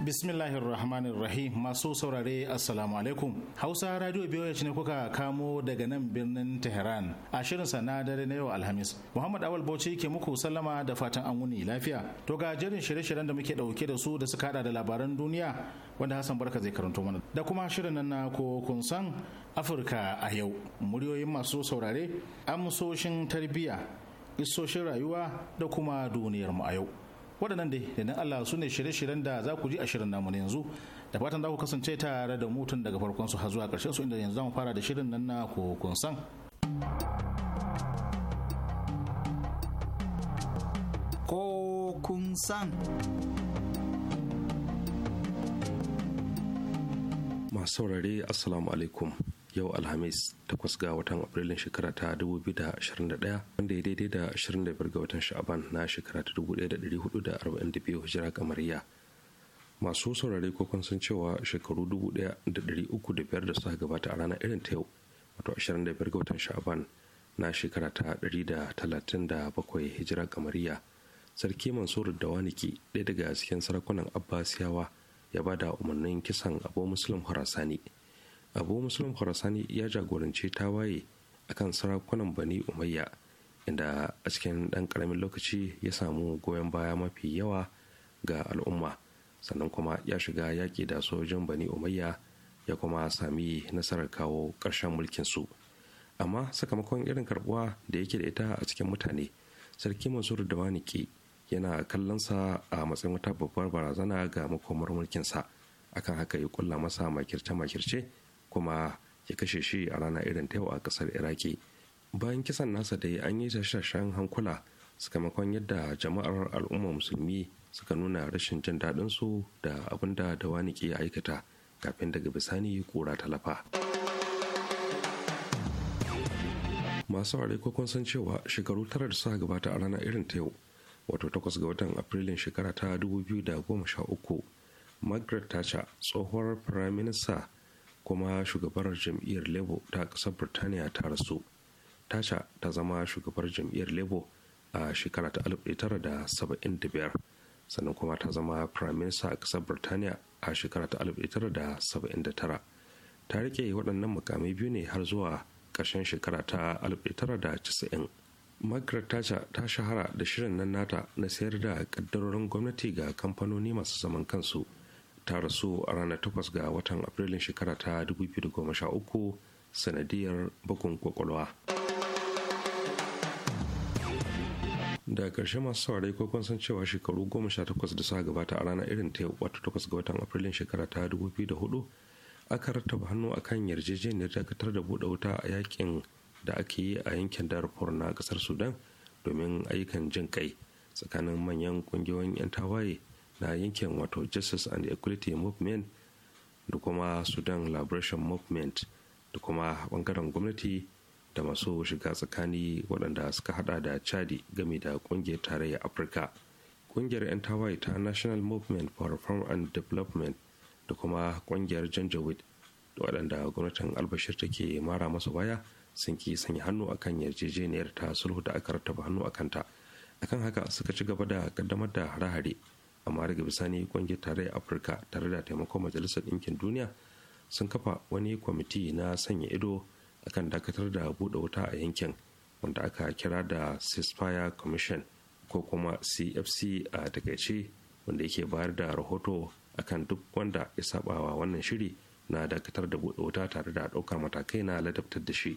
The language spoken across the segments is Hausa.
Bismillahir Rahim masu saurare Assalamu alaikum. Hausa Radio BOH ne kuka kamo daga nan birnin Tehran a shirin sana dare na yau Alhamis. Muhammad Awal Bauchi ke muku sallama da fatan an wuni lafiya. To ga jerin shirye-shiryen da muke dauke da su da suka hada da labaran duniya wanda Hassan Barka zai karanto mana. Da kuma shirin nan na ko kun san Afirka a yau. Muryoyin masu saurare amsoshin tarbiyya isoshin rayuwa da kuma duniyarmu a yau. waɗannan dai idan Allah su ne shirye-shiryen da za ku ji a shirin namu yanzu da fatan za ku kasance tare da mutun daga farkon su har zuwa ƙarshen su inda yanzu za mu fara da shirin nan na kun san ko san masu saurare assalamu alaikum yau alhamis 8 ga watan afrilun shekara ta 2021 wanda ya daidai da 25 ga watan sha'aban na shekara ta 1442 hijira kamariya masu saurare ko sun cewa shekaru 1305 da suka gabata a ranar irin ta yau wato 25 ga watan sha'aban na shekara ta 137 hijira kamariya sarki mansur da Waniki ɗaya daga cikin sarakunan abbasiyawa ya ba da umarnin kisan abu muslim Sani. abu musulun khurasani ya jagoranci tawaye kan sarakunan bani umayya inda a cikin ɗan ƙaramin lokaci ya samu goyon baya mafi yawa ga al'umma sannan kuma ya shiga yaƙi da sojin bani umayya ya kuma sami nasarar kawo ƙarshen mulkin su amma sakamakon irin karɓuwa da yake da ita a cikin mutane sarki mansur da waniki yana kallonsa a matsayin wata babbar barazana ga makomar mulkinsa akan haka ya kulla masa makirce-makirce kuma ya kashe shi a rana irin ta yau a kasar iraki bayan kisan nasa dai an yi tashashen hankula sakamakon yadda jama'ar al'umma musulmi suka nuna rashin jin daɗin su da abin da dawani ke aikata kafin daga bisani kura talafa masu ware kun san cewa shekaru tara da suka gabata a rana irin ta yau wato takwas ga watan afrilun shekara ta 2013 margaret thatcher tsohuwar firaminista kuma shugabar jam'iyyar labour ta ƙasar birtaniya ta rasu tasha ta zama shugabar jam'iyyar labour a shekara ta 1975 sannan kuma ta zama prime minister a ƙasar birtaniya a shekara ta 1979 ta rike waɗannan makamai biyu ne har zuwa ƙarshen shekara ta 1990 margaret thatcher ta shahara da shirin nan nata na sayar da ƙaddarorin gwamnati ga kamfanoni masu zaman kansu ta rasu a ranar 8 ga watan Afrilun shekara ta 2013 sanadiyar bugun kwakwalwa. da karshe masu saurari ko kun san cewa shekaru goma sha da suka gabata a ranar irin ta wata takwas ga watan afrilun shekara ta 2004 hudu aka rattaba hannu akan yarjejeniyar dakatar da buɗe wuta a yakin da ake yi a yankin darfur na ƙasar sudan domin ayyukan jin kai tsakanin manyan ƙungiyoyin 'yan tawaye na yankin wato justice and equality movement da kuma sudan liberation movement da kuma bangaren gwamnati da masu shiga tsakani waɗanda suka hada da chadi game da ƙungiyar tarayyar afirka ƙungiyar 'yan tawaye ta national movement for reform and development da kuma ƙungiyar janjaweed waɗanda gwamnatin albashir take mara masa baya sun ki sanya hannu akan yarjejeniyar ta sulhu da aka rataba hannu a kanta akan haka suka ci gaba da kaddamar da hare-hare amma daga bisani kungiyar tarayyar afirka tare da taimakon majalisar ɗinkin duniya sun kafa wani kwamiti na sanya ido akan dakatar da buɗe wuta a yankin wanda aka kira da ceasefire commission ko kuma cfc a takaice wanda yake bayar da rahoto akan duk wanda ya sabawa wannan shiri na dakatar da buɗe wuta tare da ɗaukar matakai na ladabtar da shi.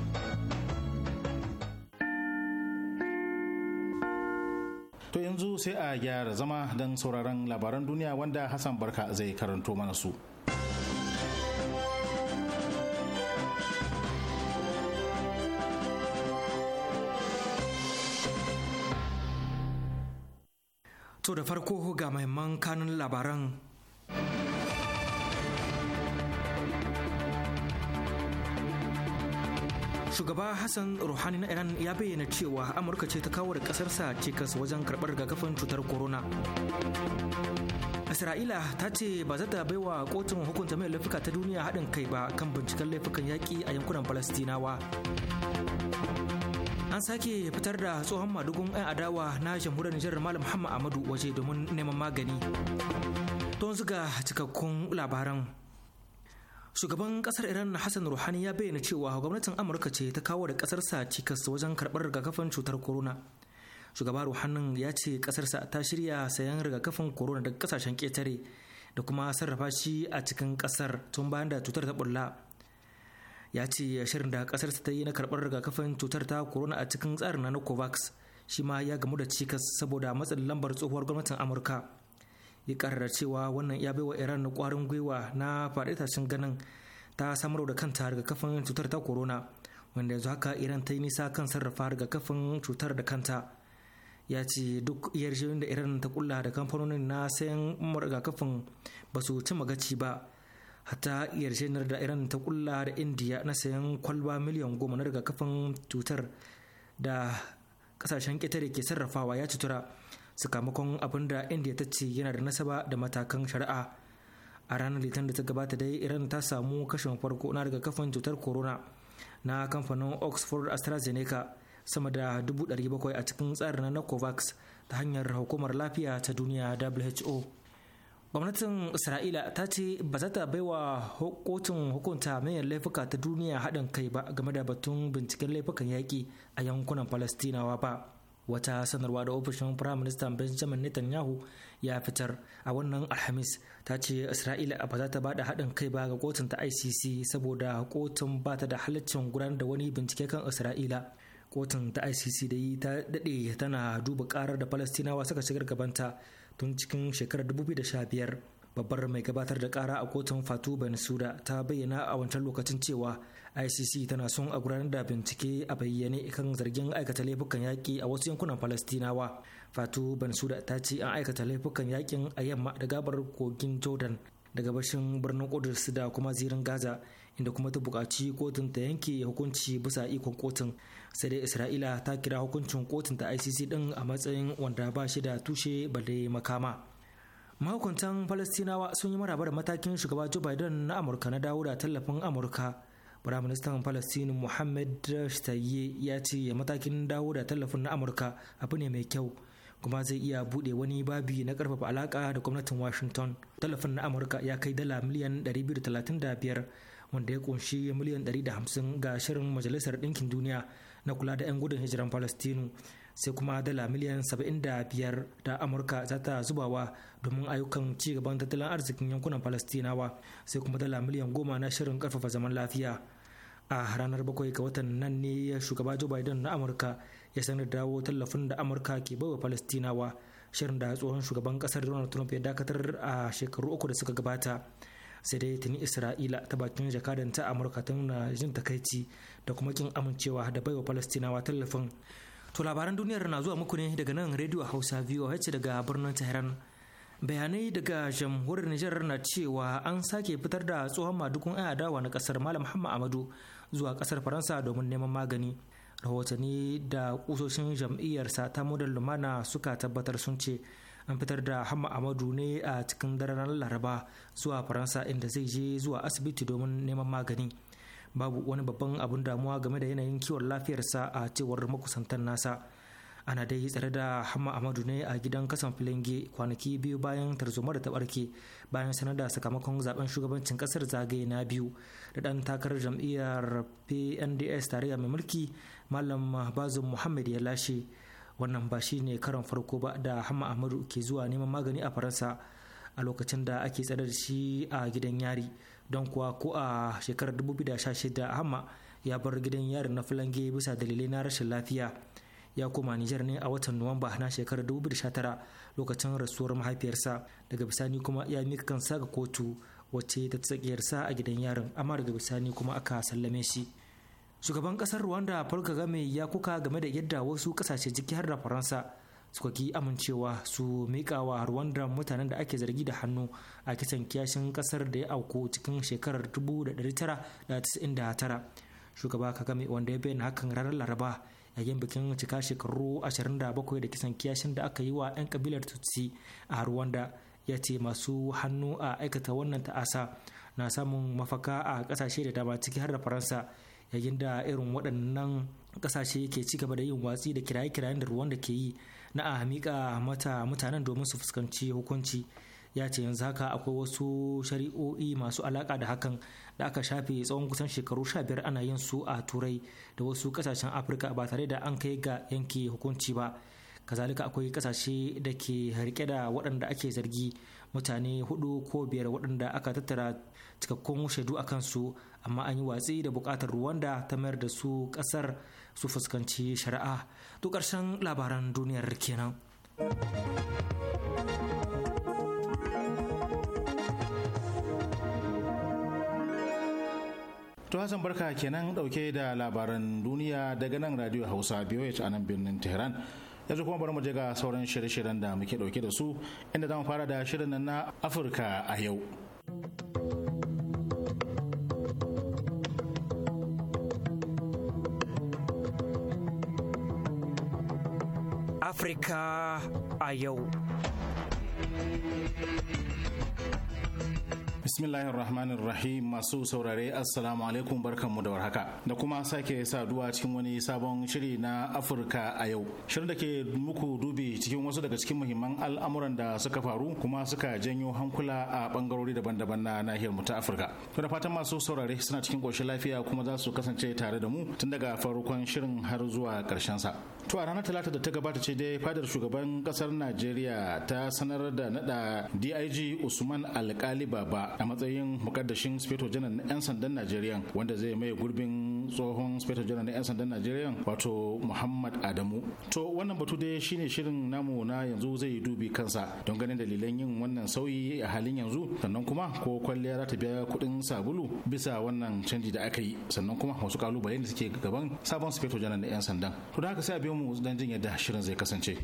To yanzu sai a gyara zama don sauraron labaran duniya wanda Hassan Barka zai karanto mana su. To da farko ga mahimman kanun labaran shugaba hassan Rouhani na iran ya bayyana cewa amurka ce ta kawo da kasarsa cikas wajen karɓar rigakafin cutar corona isra'ila ta ce ba za ta baiwa kotun hukunta mai laifuka ta duniya haɗin kai ba kan binciken laifukan yaƙi a yankunan falastinawa an sake fitar da tsohon madugun 'yan adawa na jamhuriyar nijar malam muhammad amadu waje domin neman magani don zuga cikakkun labaran shugaban kasar iran hassan ruhani ya bayyana cewa gwamnatin amurka ce ta kawo da kasarsa cikas wajen karbar rigakafin cutar corona shugaba ruhanin ya ce kasarsa ta shirya sayan rigakafin corona daga kasashen ketare da kuma sarrafa shi a cikin kasar tun bayan da cutar ta bulla ya ce shirin da kasarsa ta yi na karɓar rigakafin cutar ta corona a cikin tsarin na covax shi ma ya gamu da cikas saboda matsin lambar tsohuwar gwamnatin amurka ya karara cewa wannan ya bai wa iran na kwarin gwiwa na faɗi ganin ta samar da kanta daga kafin cutar ta corona wanda yanzu haka iran ta yi nisa kan sarrafa daga kafin cutar da kanta ya ce duk yarjejin da iran ta kulla da kamfanonin na sayan kafin ba su ci magaci ba hatta yarjejenar da iran ta kulla da indiya na sayan kwalba miliyan goma na rigakafin cutar da kasashen ƙetare ke sarrafawa ya cutura sakamakon abin da india ta ce yana da nasaba da matakan shari'a a ranar litinin da ta gabata dai iran ta samu kashin farko na kafin cutar corona na kamfanin oxford astrazeneca sama da 700 a cikin tsarin na covax ta hanyar hukumar lafiya ta duniya who gwamnatin isra'ila ta ce ba za ta baiwa kotun hukunta manyan laifuka ta duniya haɗin kai ba game da batun binciken laifukan yaƙi a yankunan palestinawa ba wata sanarwa da ofishin firaministan benjamin netanyahu ya fitar a wannan alhamis ta ce isra'ila ba za ta bada haɗin kai ba ga kotun ta icc saboda kotun ba ta da halaccin gudanar da wani bincike kan isra'ila kotun ta icc da yi ta daɗe tana duba karar da falastinawa suka shigar gabanta tun cikin shekarar 2015 babbar mai gabatar da kara a kotun fatu suda ta bayyana a wancan lokacin cewa icc tana son a gudanar da bincike a bayyane kan zargin aikata laifukan yaƙi a wasu yankunan falastinawa fatu bansuda ta ce an aikata laifukan yaƙin a yamma da gabar kogin jordan da gabashin birnin kudus da kuma zirin gaza inda kuma ta buƙaci kotun ta yanke hukunci bisa ikon kotun sai dai isra'ila ta kira hukuncin kotun ta icc din a matsayin wanda ba shi da tushe balle makama mahukuntan falastinawa sun yi maraba da matakin shugaba joe biden na amurka na dawo da tallafin amurka Firaministan Falastinu Muhammad Shtaye ya ce matakin dawo da tallafin na Amurka abu ne mai kyau kuma zai iya bude wani babi na karfafa alaka da gwamnatin Washington. Tallafin na Amurka ya kai dala miliyan 235 wanda ya kunshi miliyan 150 ga shirin Majalisar Ɗinkin Duniya na kula da 'yan gudun hijiran Falastinu sai kuma dala miliyan 75 da Amurka za ta zubawa domin ayyukan ci gaban tattalin arzikin yankunan Falastinawa sai kuma dala miliyan 10 na shirin karfafa zaman lafiya. a ranar bakwai ga watan nan ne shugaba joe biden na amurka ya sanar da dawo tallafin da amurka ke baiwa palestinawa shirin da tsohon shugaban kasar donald trump ya dakatar a shekaru uku da suka gabata sai dai tuni isra'ila ta bakin jakadanta amurka ta nuna jin takaici da kuma kin amincewa da baiwa palestinawa tallafin to labaran duniyar na zuwa muku ne daga nan radio hausa voh daga birnin tehran bayanai daga jamhuriyar nijar na cewa an sake fitar da tsohon madukun 'yan adawa na kasar malam Muhammad amadu zuwa kasar faransa domin neman magani rahotanni da kusoshin jam'iyyarsa ta model lumana suka tabbatar sun ce an fitar da hamma amadu ne a cikin daren laraba zuwa faransa inda zai je zuwa asibiti domin neman magani babu wani babban abun damuwa game da yanayin kiwon lafiyarsa a cewar makusantan nasa ana dai tsare da hama amadu ne a gidan kasan filinge kwanaki biyu bayan tarzoma da ta bayan sanar da sakamakon zaben shugabancin kasar zagaye na biyu da dan takarar jam'iyyar pnds tare tarayya mai mulki malam bazin muhammad ya lashe wannan ba shi ne karon farko ba da hama amadu ke zuwa neman magani a faransa a lokacin da ake tsare da shi a gidan yari don kuwa ko a shekarar 2016 hama ya bar gidan yari na filange bisa dalilai na rashin lafiya ya koma Nijar ne a watan Nuwamba na shekarar 2019 lokacin rasuwar mahaifiyarsa daga bisani kuma ya mika kansa ga kotu wacce ta tsakiyarsa a gidan yarin amma daga bisani kuma aka sallame shi. Shugaban kasar Rwanda Paul Kagame ya kuka game da yadda wasu kasashe jiki har da Faransa suka ki amincewa su mika wa Rwanda mutanen da ake zargi da hannu a kisan kiyashin kasar da ya auku cikin shekarar 1999. Shugaba Kagame wanda ya bayyana hakan ranar Laraba yayin bikin cika shekaru 27 da kisan kiyashin da aka yi wa 'yan kabilar tutsi a rwanda ya ce masu hannu a aikata wannan ta'asa na samun mafaka a kasashe da dama ciki har da faransa yayin da irin waɗannan kasashe ke ci gaba da yin watsi da kiraye-kirayen da ruwan da ke yi na a mika mata mutanen domin su fuskanci hukunci ya ce yanzu haka akwai wasu shari'o'i masu alaka da hakan da aka shafe tsawon kusan shekaru sha biyar ana yin su a turai da wasu kasashen afirka ba tare da an kai ga yanke hukunci ba kazalika akwai kasashe da ke rike da waɗanda ake zargi mutane hudu ko biyar waɗanda aka tattara cikakkun shaidu a kansu amma an yi watsi da buƙatar ruwanda ta mayar da su ƙasar su fuskanci shari'a to ƙarshen labaran duniyar kenan. To Hassan barka kenan dauke da labaran duniya daga nan radio Hausa BOH a nan birnin Tehran. yanzu kuma bari mu je ga sauran shirye-shiryen da muke dauke da su inda zamu fara da shirin nan na Afirka a yau. Afirka a yau. Bismillahir Rahmanir Rahim masu saurare Assalamu alaikum barkanmu da warhaka da kuma sake saduwa cikin wani sabon shiri na Afirka a yau. Shirin da ke muku dubi cikin wasu daga cikin muhimman al'amuran da suka faru kuma suka janyo hankula a bangarori daban-daban na nahiyar mu ta Afirka. To da fatan masu saurare suna cikin koshin lafiya kuma za su kasance tare da mu tun daga farkon shirin har zuwa karshen sa. to a ranar talata da ta gabata ce dai fadar shugaban kasar najeriya ta sanar da nada dig usman alkali baba a matsayin mukaddashin speto janar na 'yan sandan najeriya wanda zai mai gurbin tsohon speto janar na 'yan sandan najeriya wato muhammad adamu to wannan batu dai shine shirin namu na yanzu zai dubi kansa don ganin dalilan yin wannan sauyi a halin yanzu sannan kuma ko kwalliya za ta biya kuɗin sabulu bisa wannan canji da aka yi sannan kuma wasu kalubale da suke gaban sabon speto janar na 'yan sandan to da haka sai a biyo mu dan jin yadda shirin zai kasance.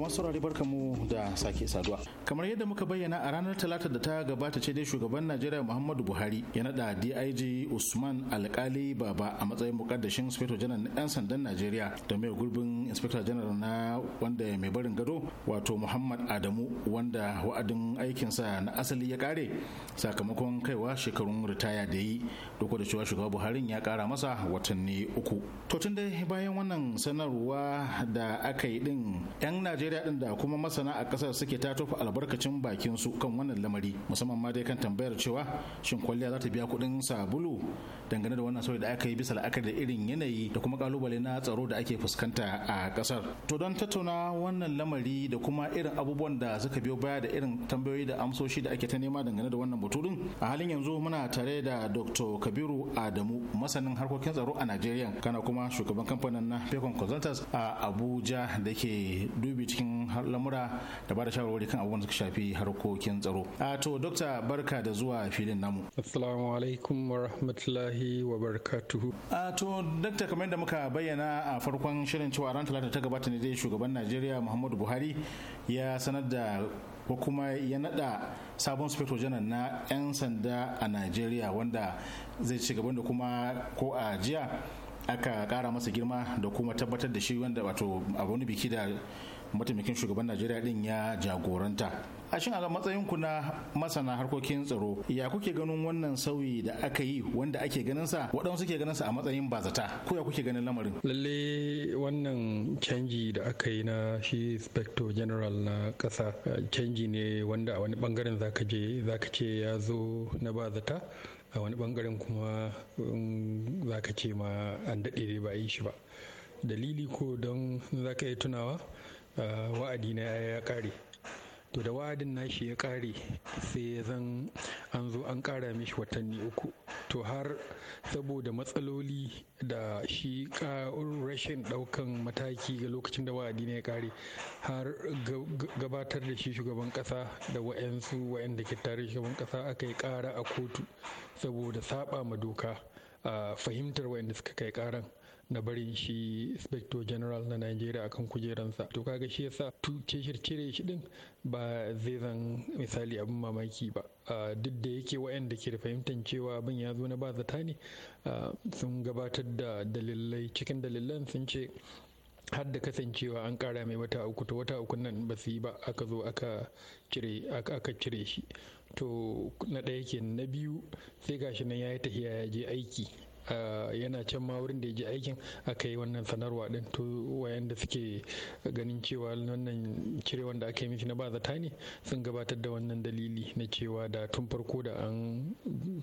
To saurari barka mu da sake saduwa. Kamar yadda muka bayyana a ranar talata da ta gabata ce dai shugaban Najeriya Muhammadu Buhari ya nada DIG Usman Alkali Baba a matsayin mukaddashin Inspector General na 'yan sandan Najeriya da mai gurbin Inspector General na wanda mai barin gado wato Muhammad Adamu wanda wa'adin aikinsa na asali ya kare sakamakon kaiwa shekarun ritaya da yi duk da cewa shugaban Buhari ya kara masa watanni uku. To tun dai bayan wannan sanarwa da aka yi din 'yan Najeriya najeriya da kuma masana a kasar suke ta tofa albarkacin bakin su kan wannan lamari musamman ma dai kan tambayar cewa shin kwalliya za ta biya kuɗin sabulu dangane da wannan sauyi da aka yi bisa la'akari da irin yanayi da kuma kalubale na tsaro da ake fuskanta a kasar to don tattauna wannan lamari da kuma irin abubuwan da suka biyo baya da irin tambayoyi da amsoshi da ake ta nema dangane da wannan baturin a halin yanzu muna tare da dr kabiru adamu masanin harkokin tsaro a najeriya kana kuma shugaban kamfanin na pecon consultants a abuja da ke dubi cikin cikin lamura da ba da shawarwari kan abubuwan da suka shafi harkokin tsaro a to dokta barka da zuwa filin namu assalamu alaikum wa rahmatullahi wa barakatuhu a to dokta kamar yadda muka bayyana a farkon shirin cewa ran talata ta gabata ne dai shugaban najeriya muhammadu buhari ya sanar da ko kuma ya nada sabon sufeto janar na 'yan sanda a najeriya wanda zai ci gaban da kuma ko a jiya aka kara masa girma da kuma tabbatar da shi wanda wato abu wani biki da mataimakin shugaban najeriya din ya jagoranta a shin a matsayin ku na masana harkokin tsaro ya kuke ganin wannan sauyi da aka yi wanda ake ganin sa waɗansu ke ganin sa a matsayin bazata ko ya kuke ganin lamarin lalle wannan canji da aka yi na shi inspector general na ƙasa eh, canji ne wanda a wani bangaren zaka je zaka ce ya zo na bazata a wani bangaren kuma um, zaka ce ma an daɗe ba a yi shi ba dalili ko don zaka yi tunawa Eh, wa'adi na ya kare to da wa'adin nashi ya kare sai ya zan an zo an kara mishi watanni uku to har saboda matsaloli da shi rashin daukan mataki ga lokacin da wa'adi ne ya kare har gabatar da shi shugaban kasa da wa'ansu wa'anda ke tare shugaban kasa aka yi kara a kotu saboda saɓa ma doka a fahimtar wa'yanda suka kai karan na barin shi inspector general na Najeriya akan kujeransa to kaga shi yasa tu cire shi din ba zai zan misali abin mamaki ba duk da yake wa'anda ke da fahimtar cewa abin ya zo na ba zata ne sun gabatar da dalilai cikin dalilan sun ce har da kasancewa an kara mai wata uku to wata uku nan ba su yi ba aka zo aka cire aka cire shi to na ɗaya kenan na biyu sai gashi nan ya yi tahiya ya je aiki yana can ma wurin da ya je aikin aka yi wannan sanarwa din to wayanda suke ganin cewa wannan cire wanda aka yi mishi na ba zata ne sun gabatar da wannan dalili na cewa da tun farko da an an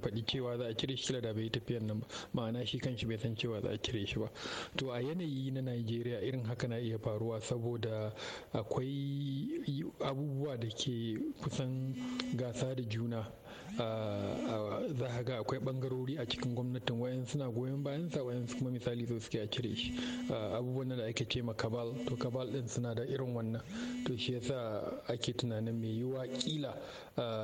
faɗi cewa za a cire shi kila da bai tafiyar nan ba ma'ana shi kanshi bai san cewa za a cire shi ba to a yanayi na Najeriya irin haka na iya faruwa saboda akwai abubuwa da ke kusan gasa da juna za ka ga akwai bangarori a cikin gwamnatin wayan suna goyon bayan sa wayan kuma misali so suke a cire shi abubuwan da ake ce kabal to kabal din suna da irin wannan to shi yasa ake tunanin mai yiwa kila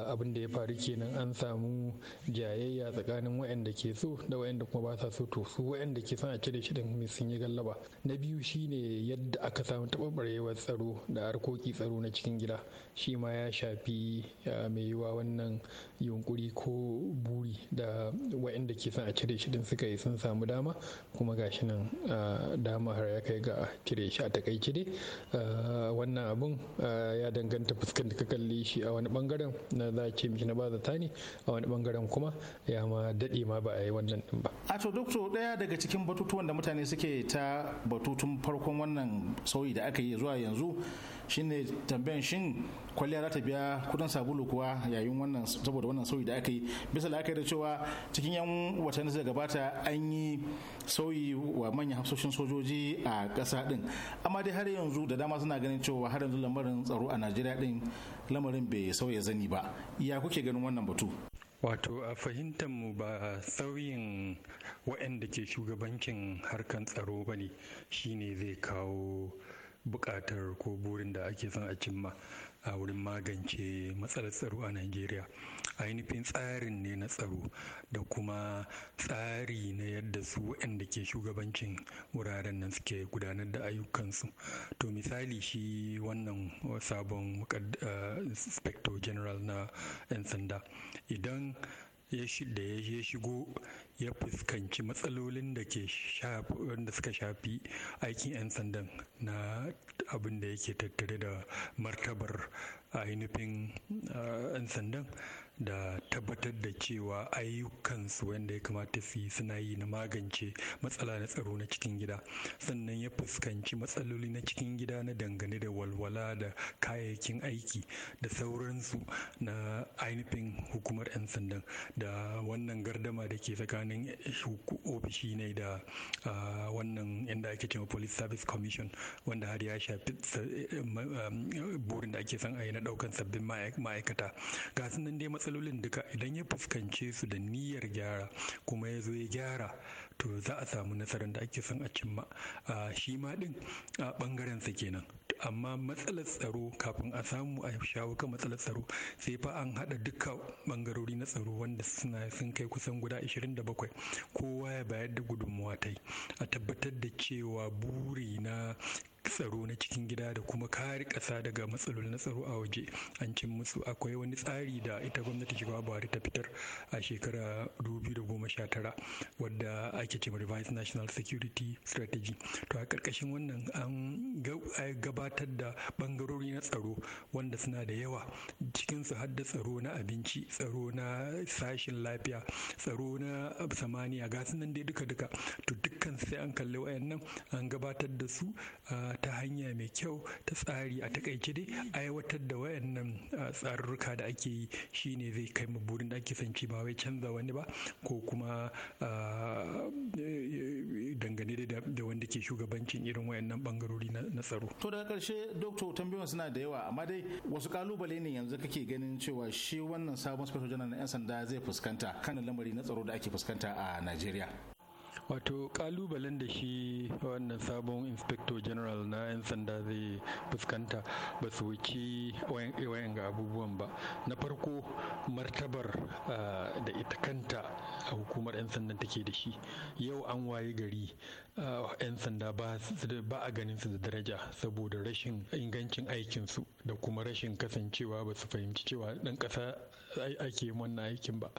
abin da ya faru kenan an samu jayayya tsakanin wayanda ke so da wayanda kuma ba sa so to su wayanda ke son a cire shi din sun yi gallaba na biyu shine yadda aka samu taɓarɓarewar tsaro da harkoki tsaro na cikin gida shi ma ya shafi mai yiwa wannan yi yunkuri ko buri da waɗanda ke son a cire shi din suka yi sun samu dama kuma gashi nan dama har ya kai ga cire shi a takaice dai wannan abun ya danganta fuskar da ka kalli shi a wani bangaren na za ce miki na baza tani a wani bangaren kuma ya ma daɗe ma ba a yi wannan din ba. a to dokto ɗaya daga cikin batutuwan da mutane suke ta batutun farkon wannan sauyi da aka yi zuwa yanzu shine tambayan shin kwalliya za ta biya kudin sabulu kuwa yayin wannan saboda wannan sauyi da aka yi bisa la'akari da cewa cikin yan watanni da gabata an yi sauyi wa manyan hafsoshin sojoji a ƙasa din amma dai har yanzu da dama suna ganin cewa har yanzu lamarin tsaro a najeriya din lamarin bai sauya zani ba ya kuke ganin wannan batu wato a fahimtar mu ba sauyin wa'anda ke shugabancin harkan tsaro ba ne shine zai kawo buƙatar ko burin da ake son a cimma a wurin magance matsalar tsaro a Najeriya. Ainihin tsarin ne na tsaro da kuma tsari na yadda su waɗanda ke shugabancin wuraren nan suke gudanar da ayyukansu. To misali shi wannan sabon inspector general na 'yan sanda idan da ya shigo ya fuskanci matsalolin da ke wanda suka shafi aikin 'yan sandan na abin da yake tattare da martabar ainihin ah, 'yan sandan da tabbatar da cewa ayyukansu wanda ya kamata su yi suna yi na magance matsala na tsaro na cikin gida sannan ya fuskanci matsaloli na cikin gida na dangane da walwala da kayayyakin aiki da sauransu na ainihin hukumar 'yan sandan da wannan gardama da ke tsakanin ofishi ne da wannan inda ake cewa police service commission wanda har ya shafi eh, um, burin da ake son a yi na daukan sabbin ma'aikata ga sunan dai matsaloli matsalolin duka idan ya fuskance su da niyyar gyara kuma ya zo ya gyara to za a samu nasarar da ake son a cimma a shi ma din a bangaren sa kenan amma matsalar tsaro kafin a samu a shawo kan matsalar tsaro sai fa an haɗa duka ɓangarori na tsaro wanda suna sun kai kusan guda 27 kowa ya bayar da gudunmuwa ta yi a tabbatar da cewa buri na tsaro na cikin gida da kuma kare ƙasa daga matsalolin na tsaro a waje an cin musu akwai wani tsari da ita gwamnati shugaba buhari ta fitar a shekara 2019 wadda ake cewa revised national security strategy to a ƙarƙashin wannan an gabatar da ɓangarori na tsaro wanda suna da yawa cikinsu har da tsaro na abinci tsaro na sashin lafiya tsaro na samaniya ga nan dai duka-duka to dukkan sai an kalli wayannan an gabatar da su a ta hanya mai kyau ta tsari a takaice dai aiwatar da wayannan tsarurruka da ake yi shine zai kai mu burin da ake son ci ba wai canza wani ba ko kuma e, e, dangane da wanda ke shugabancin irin wayannan bangarori na tsaro to daga karshe doctor tambayoyin suna da yawa amma dai wasu kalubale ne yanzu kake ganin cewa shi wannan sabon special general na yan sanda zai fuskanta kan lamari na tsaro da ake fuskanta a Najeriya wato kalubalen da shi wannan sabon inspector general na 'yan sanda zai fuskanta ba su wuce wayan ga abubuwan ba na farko martabar ah, da ita kanta a hukumar 'yan sandan take da shi yau an waye gari ah, 'yan sanda ba a ganin su da daraja saboda rashin ingancin aikinsu da kuma rashin kasancewa ba su fahimci cewa ɗan ƙasa ake wannan aikin ba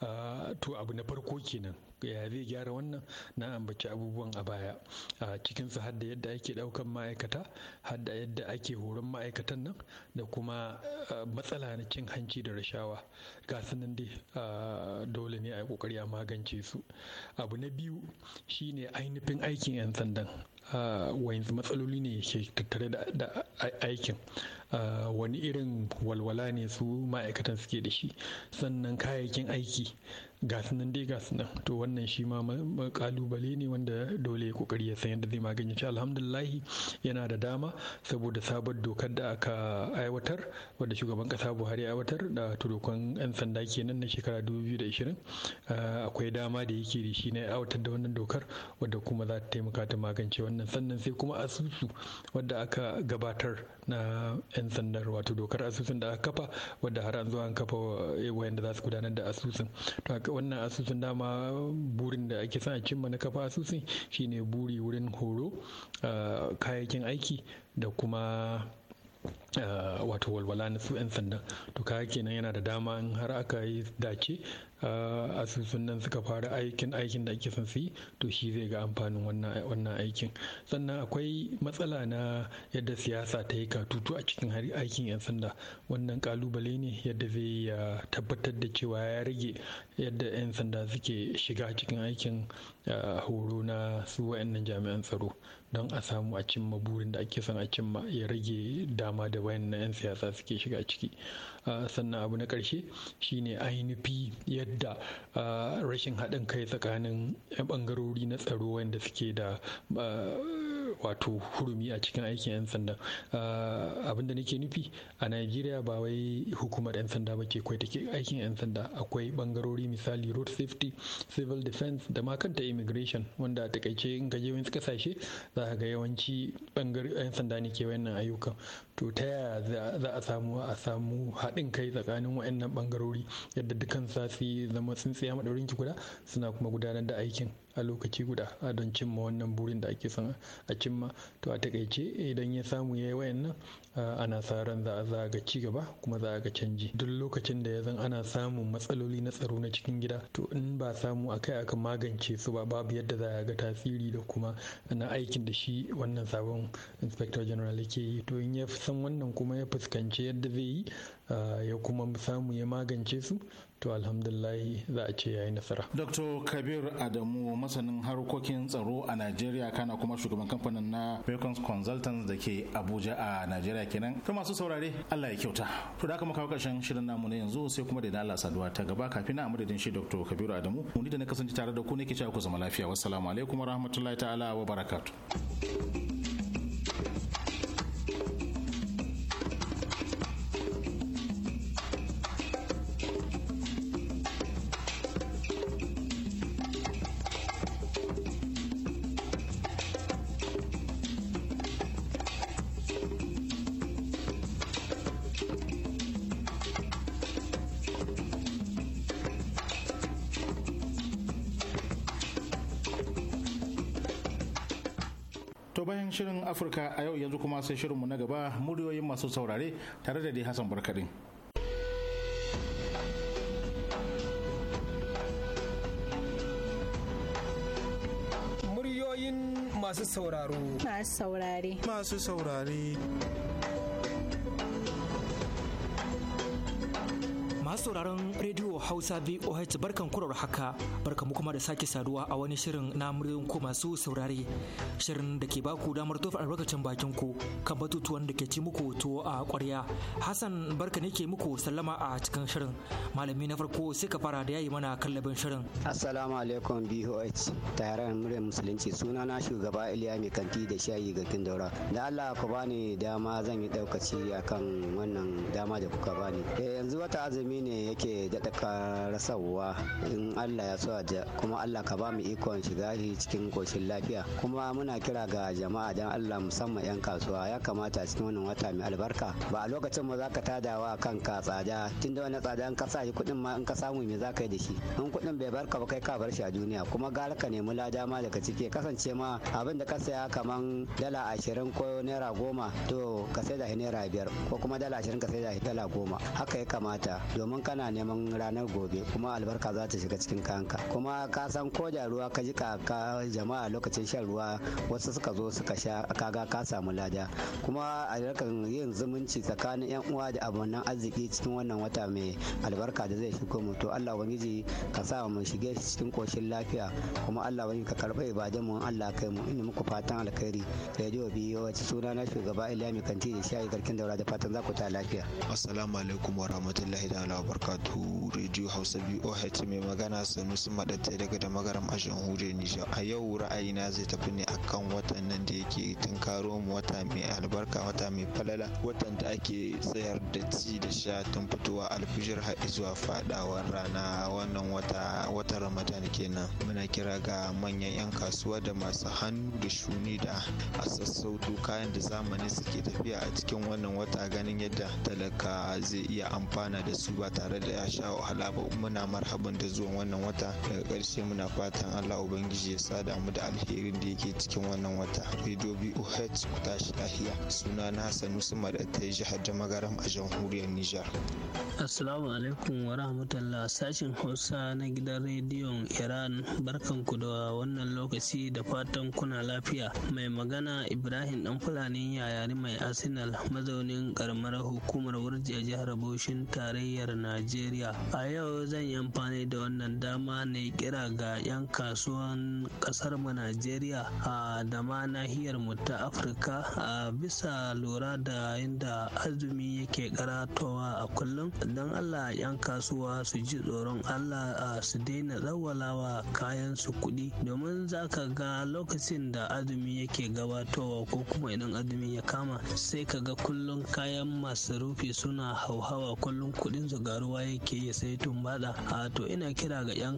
ah, to abu na farko kenan ya zai gyara wannan na ambaci abubuwan a baya a cikin su yadda ake daukan ma'aikata hadda yadda ake horon ma'aikatan nan da kuma matsala na cin hanci da rashawa ga nan dai dole ne a yi kokari a magance su abu na biyu shine ainihin aikin 'yan sandan wayanzu matsaloli ne ke tattare da aikin wani irin walwala ne su ma'aikatan suke da shi sannan kayayyakin aiki ga nan dai ga nan to wannan shi ma kalubale ne wanda dole ya kokari ya san yadda zai magance shi alhamdulahi yana da dama saboda sabon dokar da aka aiwatar wadda shugaban kasa buhari aiwatar da turokon yan sanda kenan na shekara 2020 ah, akwai dama da yake da shi na aiwatar da wannan dokar wadda kuma za ta taimaka ta magance wannan sannan sai kuma asusu wadda aka gabatar na yan sandar wato dokar asusun da aka kafa wadda har an zo an kafa eh, wayanda za su gudanar da asusun wannan asusun dama burin da ake sana a cimma na kafa asusun shine buri wurin horo kayayyakin aiki da kuma wato walwala na su 'yan sanda to kaya kenan yana da dama in har aka yi dace asusun nan suka fara aikin aikin da ake son su yi to shi zai ga amfanin wannan aikin sannan akwai matsala na yadda siyasa ta yi katutu a cikin aikin 'yan sanda wannan kalubale ne yadda zai ya tabbatar da cewa ya rage yadda 'yan sanda suke shiga cikin aikin horo na su wa'annan jami'an tsaro don a samu a cimma burin da ake son a cimma ya rage dama da bayan na 'yan siyasa suke shiga ciki sannan abu na shi shine ainihi yadda rashin haɗin kai tsakanin 'yan ɓangarori na tsaro wanda suke da wato hurumi a cikin aikin 'yan sanda ah, abin da nake nufi a najeriya ba wai hukumar 'yan sanda ba ke kwai take aikin 'yan sanda akwai bangarori misali road safety civil defense da ma kanta immigration wanda a takaice in ka je wani kasashe za ka ga yawanci bangaren 'yan sanda ne ke wannan ayyukan to ta yaya za a samu a samu haɗin kai tsakanin wayannan bangarori yadda dukan sasi zama sun tsaya ki guda suna kuma gudanar da aikin a lokaci guda a don cimma wannan burin da ake son a cimma to a takaice idan ya samu ya yi wayannan ana sa ran za a ga ci gaba kuma za a ga canji duk lokacin da ya zan ana samun matsaloli na tsaro na cikin gida to in ba samu a kai aka magance su ba babu yadda za a ga tasiri da kuma na aikin da shi wannan sabon inspector general yake yi to in ya san wannan kuma ya fuskanci yadda zai yi ya kuma samu ya magance su to alhamdulillahi za a ce ya yi nasara. Dr. Kabir Adamu masanin harkokin tsaro a Najeriya kana kuma shugaban kamfanin na Bacon Consultants da ke Abuja a Najeriya kenan. To masu saurare Allah ya kyauta. To da aka muka karshen shirin namu na yanzu sai kuma da Allah saduwa ta gaba kafin na amadadin shi Dr. Kabir Adamu muni da na kasance tare da ku ne ke cewa ku zama lafiya. Wassalamu alaikum wa ta'ala wa barakatu. afirka a yau yanzu kuma sai shirinmu na gaba muryoyin masu saurare tare da dai hassan barkadin muryoyin masu sauraro masu saurare masu saurare Masu sauraron Radio Hausa VOH barkan kurar haka barka mu kuma da sake saduwa a wani shirin na muryoyin ko masu saurare shirin da ke baku damar tofa albarkacin bakin ku kan batutuwan da ke ci muku tuwo a kwarya Hassan barka ne ke muku sallama a cikin shirin malami na farko sai ka fara da yayi mana kallabin shirin. Assalamu alaikum VOH tayaran muryan musulunci suna na shugaba Iliya mai kanti da shayi ga Kindora da Allah ku bani dama zan yi daukaci akan wannan dama da kuka bani. Eh, yanzu wata azumi ne yake daɗa karasarwa in Allah ya so a kuma Allah ka ba mu ikon shiga cikin koshin lafiya kuma muna kira ga jama'a dan Allah musamman 'yan kasuwa ya kamata cikin wannan wata mai albarka ba a lokacin ma za ka tadawa kanka tsada tunda wani tsada in ka shi kuɗin ma in ka samu me za ka yi da shi in kuɗin bai barka ba kai ka bar shi a duniya kuma gara ka nemi lada ma daga ciki kasance ma abin da ka saya kaman dala ashirin ko naira goma to ka sai da naira biyar ko kuma dala ashirin ka sai da dala goma haka ya kamata domin domin kana neman ranar gobe kuma albarka za ta shiga cikin kanka kuma ka san ko da ruwa ka ji ka jama'a lokacin shan ruwa wasu suka zo suka sha kaga ka samu lada kuma a yarkan yin zumunci tsakanin yan uwa da abonan arziki cikin wannan wata mai albarka da zai shigo mu to Allah ubangiji ka sa mu shige cikin koshin lafiya kuma Allah ubangiji ka karɓa ibadan mu Allah kai mu ina muku fatan alkhairi radio biyo wace suna na shugaba Ilyami Kanti da shayi garkin daura da fatan za ku ta lafiya assalamu alaikum wa rahmatullahi ta'ala barkatu radio hausa boh mai magana sanusi madatai daga da magaram a jamhuriyar nijar a yau ra'ayi na zai tafi ne akan watan nan da yake tunkaro mu wata mai albarka wata mai falala watan da ake tsayar da ci da sha tun fitowa alfijir har zuwa fadawar rana wannan wata watan ramadan kenan muna kira ga manyan yan kasuwa da masu hannu da shuni da a sassauto kayan da zamani suke tafiya a cikin wannan wata ganin yadda talaka zai iya amfana da su ba tare da ya sha wahala ba muna marhaban da zuwan wannan wata daga karshe muna fatan allah ubangiji ya sa damu da alherin da yake cikin wannan wata radio boh ku tashi lahiya suna na hassan usman da ta jihar da magaram a jamhuriyar nijar assalamu alaikum wa rahmatullah sashen hausa na gidan rediyon iran barkan ku da wannan lokaci da fatan kuna lafiya mai magana ibrahim dan fulani yayari mai arsenal mazaunin karamar hukumar wurji a jihar bauchin tarayyar Najeriya. A yau zan yi amfani da wannan dama na kira ga 'yan kasuwan kasar mu Najeriya a da ma nahiyar mu ta Afirka a bisa lura da inda azumi yake karatowa a kullum don Allah 'yan kasuwa su ji tsoron Allah a su daina tsawalawa kayan su kuɗi domin za ka ga lokacin da azumi yake gabatowa ko kuma idan azumi ya kama sai ka ga kullum kayan masarufi suna hauhawa kullum kuɗin su karuwa yake ya sai tumbaɗa a to ina kira ga 'yan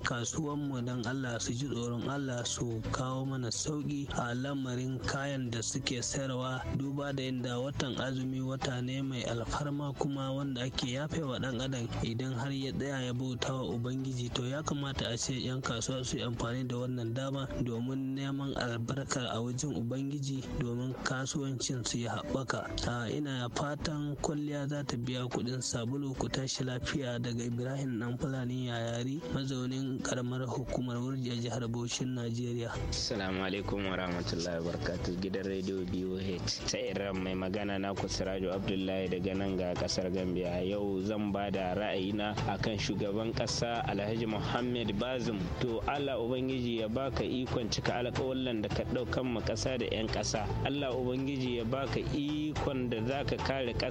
mu don allah su ji tsoron allah su kawo mana sauki a lamarin kayan da suke sayarwa duba da yadda watan azumi wata ne mai alfarma kuma wanda ake yafe wa ɗan adam idan har ya tsaya ya bauta wa ubangiji to ya kamata a ce 'yan kasuwa su yi amfani da wannan dama domin neman albarka a wajen ubangiji domin kasuwancin su ya haɓaka ina fatan kwalliya za ta biya kuɗin sabulu ku tashi lafiya lafiya daga Ibrahim Dan Fulani Yayari mazaunin karamar hukumar Wurji a jihar Bauchin Najeriya. Assalamu alaikum wa rahmatullahi wa gidan rediyo BOH ta Iran mai magana na Siraju Abdullahi daga nan ga kasar Gambia yau zan ba da ra'ayina akan shugaban kasa Alhaji Muhammad Bazum to Allah Ubangiji ya baka ikon cika alƙawallan da ka ɗaukan ma kasa da 'yan ƙasa Allah Ubangiji ya baka ikon da zaka kare ka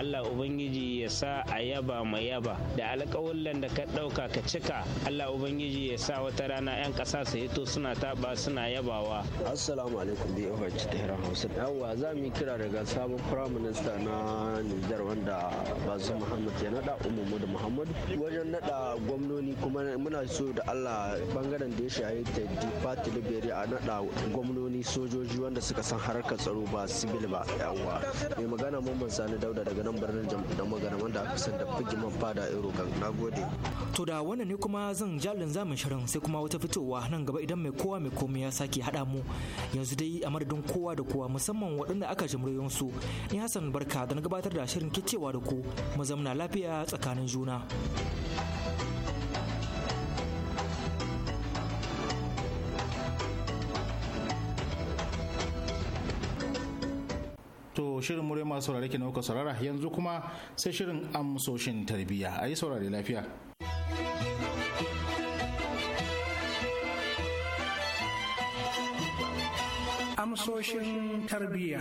Allah Ubangiji ya sa a yaba mai yaba da alƙawullan da ka ɗauka ka cika Allah ubangiji ya sa wata rana 'yan ƙasa su hito suna taɓa suna yabawa assalamu alaikum bi ta tehran hausa yawwa za mu kira daga sabon prime minister na nijar wanda bazu muhammad ya naɗa umumu muhammad wajen naɗa gwamnoni kuma muna so da allah bangaren da ya shahi ta dipati liberi a naɗa gwamnoni sojoji wanda suka san harkar tsaro ba sibil ba yawwa mai magana mamman sani dauda daga nan birnin jamhuriyar magana wanda aka san da figim Usman Fada Na gode. To da wannan ne kuma zan jalin zamin shirin sai kuma wata fitowa nan gaba idan mai kowa mai komai ya sake haɗa mu yanzu dai a madadin kowa da kowa musamman waɗanda aka jimriyon su ni Hassan Barka da na gabatar da shirin kicewa da ku mu zamna lafiya tsakanin juna. to shirin mure masu saurare ke nauka saurara yanzu kuma sai shirin amsoshin tarbiyya a yi saurare lafiya amsoshin tarbiyya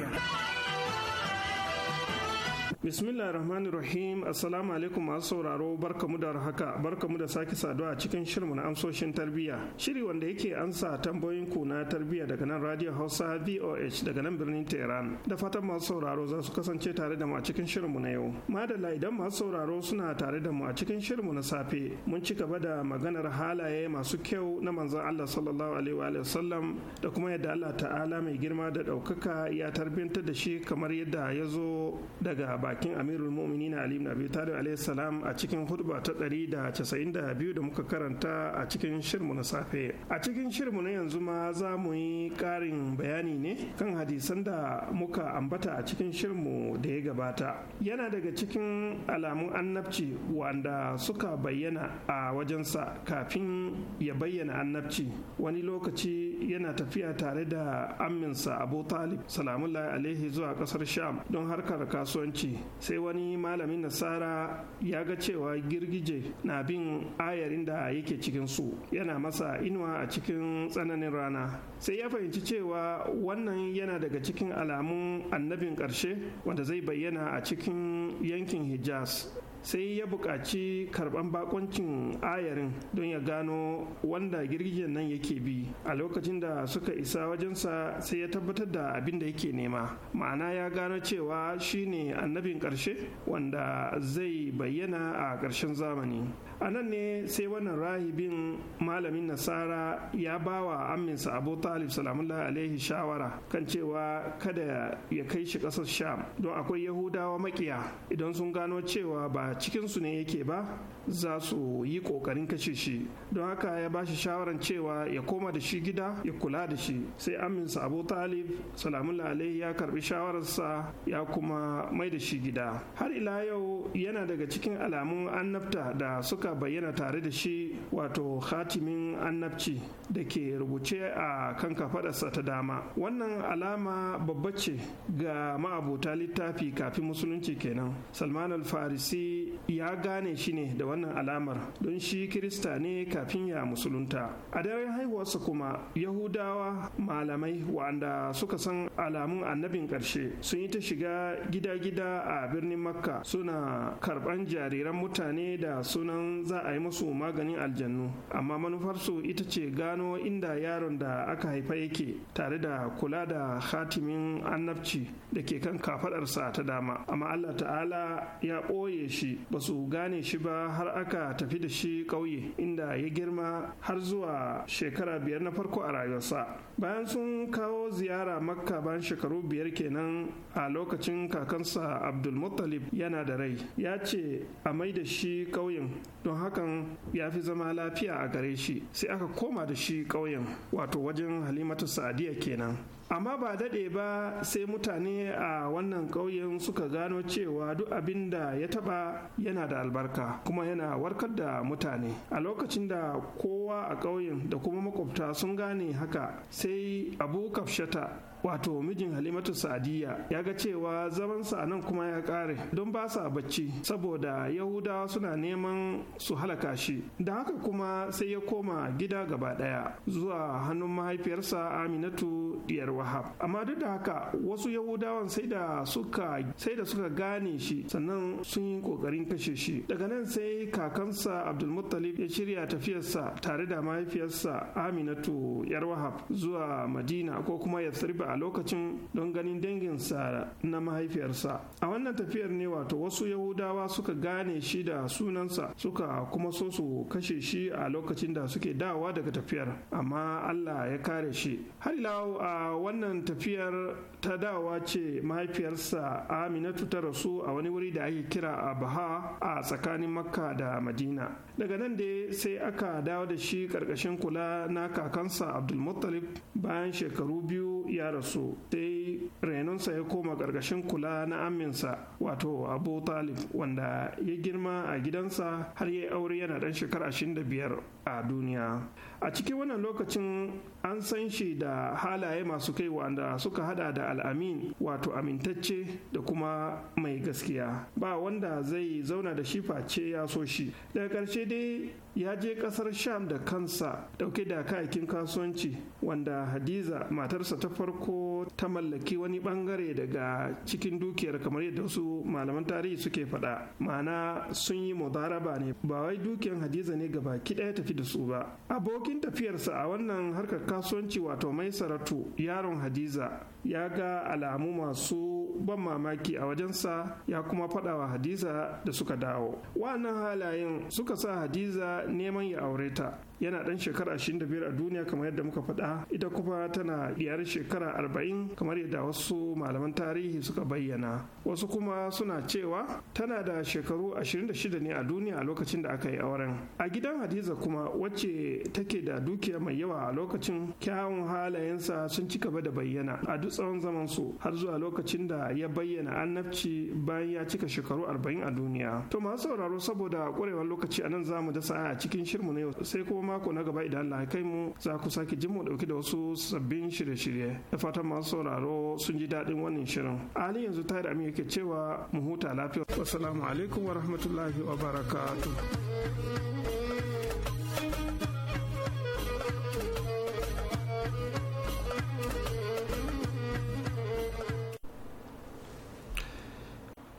bismillah rahmanirrahim, rahim assalamu alaikum masu sauraro barkamu da haka mu da sake saduwa a cikin shirin na amsoshin tarbiyya shiri wanda yake ansa tambayoyin ku na tarbiyya daga nan radio hausa voh daga nan birnin tehran da fatan masu sauraro za su kasance tare da mu a cikin shirinmu na yau madalla idan masu sauraro suna tare da mu a cikin shirinmu na safe mun ci gaba da maganar halaye masu kyau na manzon allah sallallahu alaihi wa sallam da kuma yadda allah ta'ala mai girma da ɗaukaka ya tarbiyantar da shi kamar yadda ya zo daga bakin amirul mu'minin ali ibn abi talib Alayhi salam a cikin hudba ta 192 da da muka karanta a cikin shirmu na safe a cikin shirmu na yanzu ma za mu yi karin bayani ne kan hadisan da muka ambata a cikin shirmu da ya gabata yana daga cikin alamun annabci wanda suka bayyana a wajensa kafin ya bayyana annabci wani lokaci yana tafiya tare da aminsa abu talib salamullahi alaihi zuwa kasar sham don harkar kasuwanci sai wani malamin nasara ya ga cewa girgije na bin ayarin da yake cikin su yana masa inuwa a cikin tsananin rana sai ya fahimci cewa wannan yana daga cikin alamun annabin ƙarshe wanda zai bayyana a cikin yankin hijaz sai ya buƙaci karɓan bakoncin ayarin don ya gano wanda girgijen nan yake bi a lokacin da suka isa wajensa sai ya tabbatar da abin da yake nema ma'ana ya gano cewa shine annabin ƙarshe wanda zai bayyana a ƙarshen zamani a nan ne sai wannan rahibin malamin nasara ya ba wa amminsa abu talib salamullahi alaihi shawara kan cewa kada ya kai shi ƙasar sham don akwai yahudawa makiya idan sun gano cewa ba cikinsu ne yake ba za su yi ƙoƙarin kashe shi don haka ya ba shi shawaran cewa ya koma da shi gida ya kula da shi sai aminsa abu talib salamullahi alaihi ya karbi shawararsa ya kuma mai da shi gida har ila yau yana daga cikin alamun annabta da suka Ka bayyana tare da shi wato hatimin annabci da ke rubuce a kan kafadarsa ta dama wannan alama babba ce ga ma'abuta littafi kafin musulunci kenan salman al-farisi ya gane shi ne da wannan alamar don shi kirista ne kafin ya musulunta a daren haihuwarsa kuma yahudawa malamai wa'anda suka san alamun annabin ƙarshe sun yi ta shiga gida-gida a birnin makka suna karɓan jariran mutane da sunan za a yi masu maganin aljannu amma manufarsu ita ce gano inda yaron da aka haifa yake tare da kula da hatimin annabci da ke kan kafadarsa ta dama amma allah ta'ala ya ɓoye shi ba su gane shi ba har aka tafi da shi ƙauye inda ya girma har zuwa shekara biyar na farko a rayuwarsa bayan sun kawo ziyara makka bayan shekaru biyar kenan a lokacin kakansa abdulmuttalib yana da rai ya ce a mai da shi ƙauyen don hakan ya fi zama lafiya a gare shi sai aka koma da shi ƙauyen wato wajen halimatu sa'adiyya kenan amma ba daɗe ba sai mutane a wannan ƙauyen suka gano cewa duk abin da ya taɓa yana da albarka kuma yana warkar da mutane a lokacin da kowa a ƙauyen da kuma makwabta sun gane haka sai abu kafshata wato mijin halimatu Sadiya ya ga cewa zamansa a nan kuma ya kare don ba sa bacci saboda yahudawa suna neman su halaka shi da haka kuma sai ya koma gida gaba daya zuwa hannun mahaifiyarsa aminatu diyar wahab amma duk da haka wasu yahudawan sai da suka sai da suka gane shi sannan sun yi kokarin kashe shi daga nan sai kakansa abdulmuttalib ya shirya tafiyarsa tare da mahaifiyarsa aminatu yar wahab zuwa madina ko kuma yasriba a lokacin don ganin dangin danginsa na mahaifiyarsa a wannan tafiyar ne wato wasu yahudawa suka gane shi da sunansa suka kuma so su kashe shi a lokacin da suke dawa daga tafiyar amma allah ya kare shi har a wannan tafiyar ta dawa ce mahaifiyarsa aminatu ta rasu a wani wuri da ake kira a baha a tsakanin makka da madina daga nan dai sai aka dawo da shi karkashin kula na kakansa abdulmuttalib bayan shekaru biyu ya ta sai renonsa ya koma ƙarƙashin kula na aminsa wato abu talib wanda ya girma a gidansa har ya yi aure yana ɗan shekara 25 a duniya a cikin wannan lokacin an san shi da halaye masu kai wanda suka hada da al'amin wato amintacce da kuma mai gaskiya ba wanda zai zauna da shi face ya so shi daga ƙarshe dai ya je ƙasar sham da kansa dauke da kayakin kasuwanci wanda hadiza matarsa ta farko ta mallaki wani bangare daga cikin dukiyar kamar yadda su malaman tarihi suke faɗa ma'ana sun yi mudaraba ne ba wai dukiyar hadiza ne gaba ki ɗaya tafi da su ba abokin tafiyarsa a wannan harkar kasuwanci wato mai saratu yaron hadiza ya ga alamu masu ban mamaki a wajensa ya kuma faɗa hadiza da suka dawo wannan halayen suka sa hadiza neman ya aure ta yana dan shekara 25 a duniya kamar yadda muka faɗa ita kuma tana diyar shekara 40 kamar yadda wasu malaman tarihi suka bayyana wasu kuma suna cewa tana da shekaru 26 ne a duniya a lokacin da aka yi auren a gidan hadiza kuma wacce take da dukiya mai yawa a lokacin kyawun halayensa sun ci gaba da bayyana a duk tsawon zaman su har zuwa lokacin da ya bayyana annabci bayan ya cika shekaru 40 a duniya to masu sauraro saboda kurewar lokaci a nan za mu da sa'a a cikin shirmu na yau sai kuma mako na gaba idan Allah kai mu za ku sake jin mu dauki da wasu sabbin shirye-shirye da fatan masu sauraro sun ji daɗin wannan shirin ali yanzu tayar amin yake cewa mu huta lafiya assalamu alaikum wa rahmatullahi wa barakatu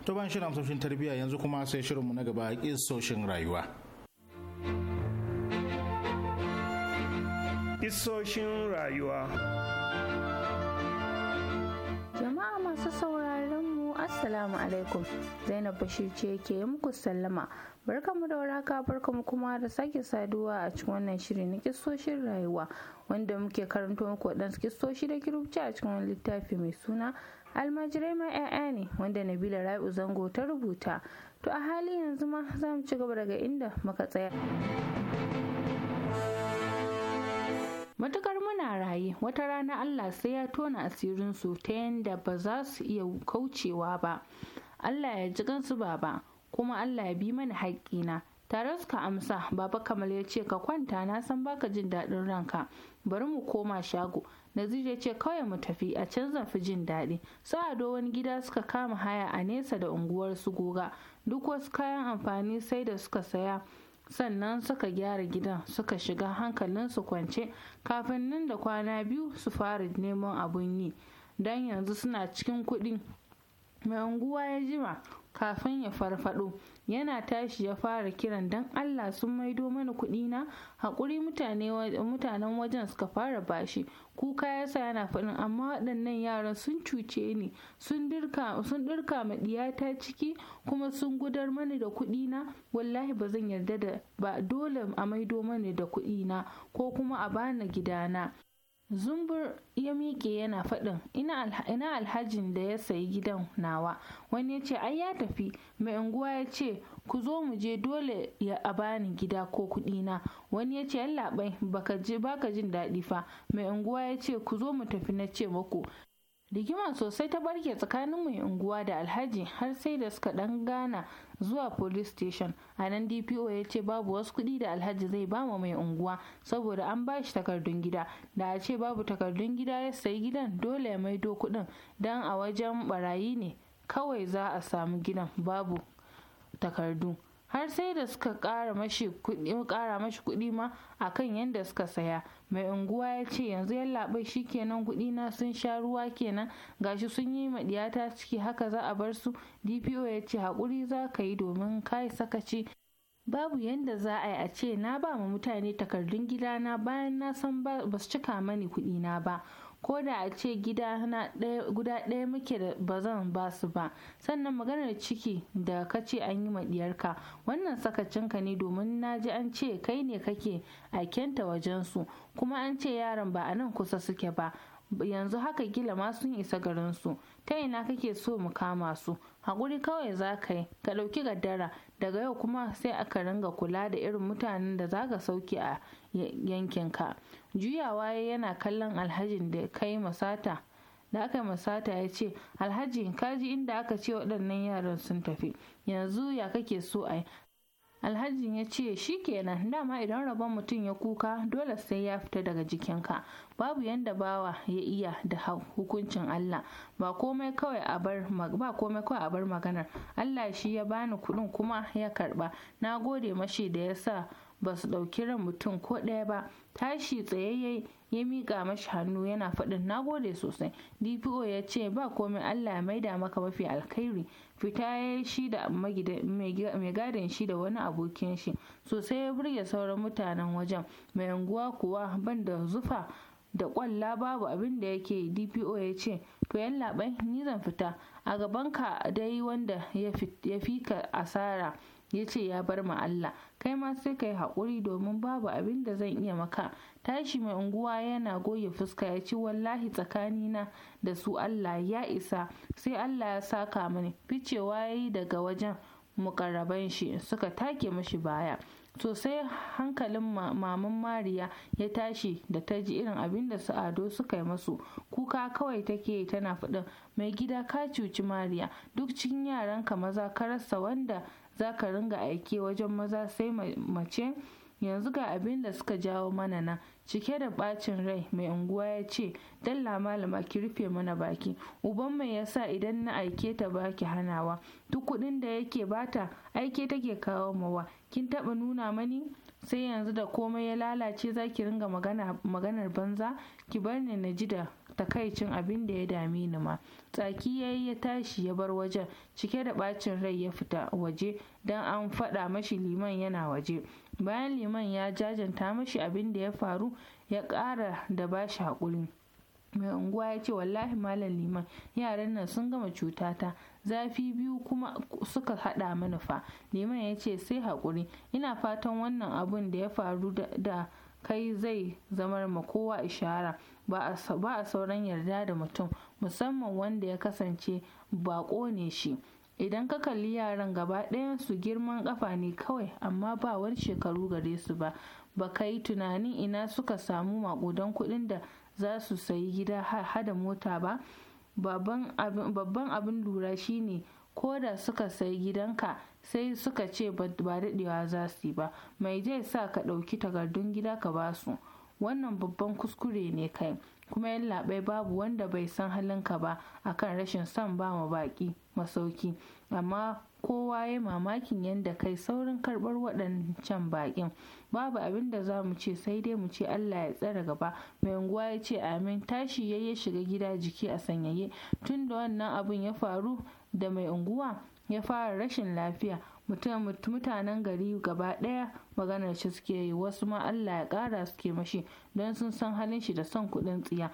To ban shirin amsoshin tarbiyya yanzu kuma sai shirinmu na gaba ƙin soshin rayuwa. Kisoshin rayuwa. Jama'a masu sauraron mu Assalamu alaikum Zainab Bashir ce ke muku sallama. Barka mu da waraka barkamu kuma da sake saduwa a cikin wannan shiri na kisoshin rayuwa wanda muke karanto muku waɗansu kisoshi da kirubci a cikin wani littafi mai suna almajirai ma 'ya'ya ne wanda Nabila Rai'u Zango ta rubuta. To a hali yanzu ma za mu ci gaba daga inda muka tsaya. matukar muna raye wata rana allah sai ya tona asirinsu ta yadda ba za su iya kaucewa ba allah ya ji gansu baba kuma allah ya bi mana haƙƙina tare suka amsa baba kamal ya ce ka kwanta na san baka jin daɗin ranka bari mu koma shago Nazir ya ce kawai mu tafi a can zan fi jin daɗi. Su ado wani gida suka kama haya a nesa da unguwar su goga. Duk wasu kayan amfani sai da suka saya sannan suka gyara gidan suka shiga hankalin su kwance kafin nan da kwana biyu su fara neman abun yi don yanzu suna cikin kuɗi mai unguwa ya jima kafin ya farfado yana tashi ya fara kiran dan allah sun maido mana kuɗi hakuri mutanen wajen suka fara bashi kuka yasa yana faɗin amma waɗannan yaran sun cuce ni sun dirka ma ta ciki kuma sun gudar mani da kuɗi na wallahi ba zan yarda da ba dole a maido mani da kuɗi na ko kuma a bani gidana zumbur ya miƙe yana faɗin ina alhajin da ya sayi gidan nawa wani ya ce ai ya tafi mai unguwa ya ce ku zo mu je dole ya a bani gida ko kuɗi na wani ya ce yallaɓai baka jin daɗi fa mai unguwa ya ce ku zo mu tafi na ce maku rigima sosai ta barke tsakanin mai unguwa da alhaji har sai da suka dan gana zuwa police station a nan dpo ya ce babu wasu kuɗi da alhaji zai bama mai unguwa saboda an ba shi takardun gida da a ce babu takardun gida ya sayi gidan dole ya maido kuɗin don a wajen barayi ne kawai za a samu gidan babu takardu har sai da suka kara mashi kuɗi ma kan yadda suka saya mai unguwa ya ce yanzu yallaɓai shi kenan kuɗi na sun sha ruwa kenan gashi sun yi maɗiyata ciki haka za a bar su dpo ya ce hakuri za ka yi domin kai sakaci babu yadda za a yi a ce na ba mu mutane takardun gidana bayan na san ba su cika mani kuɗi na ba ko da a ce gida guda ɗaya muke da ba zan ba su ba sannan maganar ciki da ka ce an yi maɗiyarka wannan ka ne domin na ji an ce kai ne kake wajen wajensu kuma an ce yaron ba a nan kusa suke ba yanzu haka gila ma sun isa garinsu ta ina kake so mu kama su haƙuri kawai za ka yi ka ɗauki gaddara daga yau kuma sai aka ringa kula da irin mutanen da za ka sauke a yankinka juyawa ya yana kallon alhajin da kai masata da aka masata ya ce alhaji kaji inda aka ce waɗannan yaran sun tafi yanzu ya kake so a yi alhajin ya ce shi kenan dama idan rabon mutum ya kuka dole sai ya fita daga jikinka babu yanda bawa ya iya da hukuncin Allah ba komai kawai a bar ba a bar maganar Allah shi ya bani kuɗin kuma ya karba na gode mashi da ya sa ba su ɗauki ran mutum ko ɗaya ba tashi tsayayye ya miƙa mashi hannu yana faɗin nagode sosai dpo ya ce ba komai allah ya maida maka mafi alkhairi fita ya shi da mai gadin shi da wani abokin shi sosai ya burge sauran mutanen wajen mai unguwa kuwa ban da zufa da kwalla babu abin da yake dpo ya ce to yan labai ni zan fita a gaban ka dai wanda ya fi ka asara ya ce ya bar mu Allah kai ma sai ka yi haƙuri domin babu abin da zan iya maka tashi mai unguwa yana goge fuska ya ci wallahi tsakanina da su Allah ya isa sai Allah ya saka mani ficewa ya yi daga wajen mukarraban shi suka take mashi baya sosai hankalin maman mariya ya tashi da ta ji irin abin da su ado suka yi masu kuka kawai take tana faɗin mai gida ka cuci mariya duk cikin yaranka maza ka rasa wanda za ka ringa aike wajen maza sai mace yanzu ga abin da suka jawo mana na. cike da bacin rai mai unguwa ya ce dalla malama ki rufe mana baki uban mai yasa idan na aike ta baki hanawa duk kuɗin da yake bata aike take kawo mawa kin taɓa nuna mani sai yanzu da komai ya lalace za ki ringa maganar banza ki bar ni na ji da takaicin abin da ya dame ni ma tsaki ya yi ya tashi ya bar wajen cike da bacin rai ya fita waje don an faɗa mashi liman yana waje bayan liman ya jajanta mashi abin da ya faru ya ƙara da bashi haƙuri mai unguwa ya ce wallahi malam liman yaran nan sun gama cutata zafi biyu kuma suka haɗa manufa liman ya ce sai haƙuri ina fatan wannan abun da ya faru da kai zai zama ma kowa ishara ba a sauran yarda da mutum musamman wanda ya kasance bako ne shi idan ka kalli yaran gaba ɗayan su girman kafa ne kawai amma ba wani shekaru gare su ba ba ka yi tunanin ina suka samu makudan kuɗin da za su sayi gida hada mota ba babban abin lura shine ko da suka sayi gidanka sai suka ce ba daɗewa za su yi ba mai zai sa ka ɗauki takardun gida ka ba su wannan babban kuskure ne kai kuma yallaɓai babu wanda bai san halinka ba a kan rashin son ba ma baƙi masauki amma kowa ya mamakin yadda kai saurin karɓar waɗancan baƙin babu abin da za mu ce sai dai mu ce allah ya tsara gaba mai unguwa ya ce amin tashi ya ya shiga gida jiki a sanyaye tun da wannan abin ya faru da mai unguwa ya fara rashin lafiya mutanen gari gaba ɗaya maganar shi suke yi wasu ma allah ya ƙara suke mashi don sun san halin shi da son kuɗin tsiya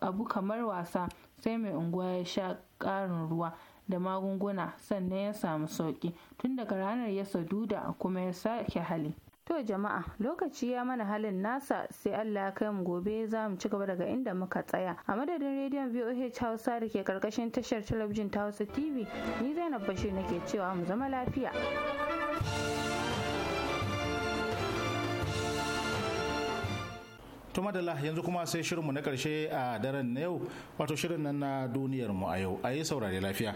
abu kamar wasa sai mai unguwa ya sha ƙarin ruwa da magunguna sannan ya samu sauƙi tun daga ranar ya saduda kuma ya sake hali To jama'a lokaci ya mana halin nasa sai Allah ya kai mu gobe za mu ci gaba daga inda muka tsaya. A madadin rediyon VOH Hausa da ke karkashin tashar talabijin ta Hausa TV ni Zainab Bashir nake cewa mu zama lafiya. To madalla yanzu kuma sai shirinmu na karshe a daren na yau wato shirin nan na duniyar a yau a yi saurare lafiya.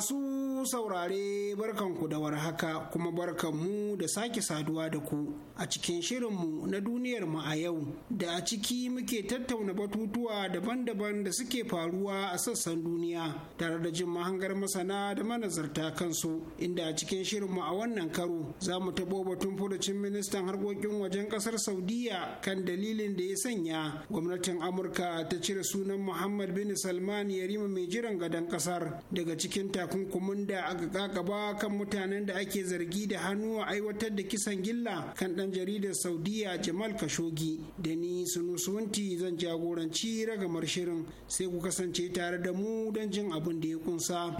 su saurare barkanku da warhaka kuma barkanmu da sake saduwa da ku a cikin shirinmu na duniyarmu a yau da a ciki muke tattauna batutuwa daban-daban da suke faruwa a sassan duniya tare da jin mahangar masana da manazarta kansu inda a cikin shirinmu a wannan karo za mu taɓo batun furucin ministan harkokin wajen ƙasar saudiya kan dalilin da ya sanya gwamnatin amurka ta cire sunan muhammad bin salman yarima mai jiran gadon ƙasar daga cikin takunkumin da da aka kakaba kan mutanen da ake zargi da hannu a aiwatar da kisan gilla kan dan jaridar Saudiya Jamal kashogi da ni Sunusunti zan jagoranci ragamar shirin sai ku kasance tare da mu don jin abin da ya kunsa.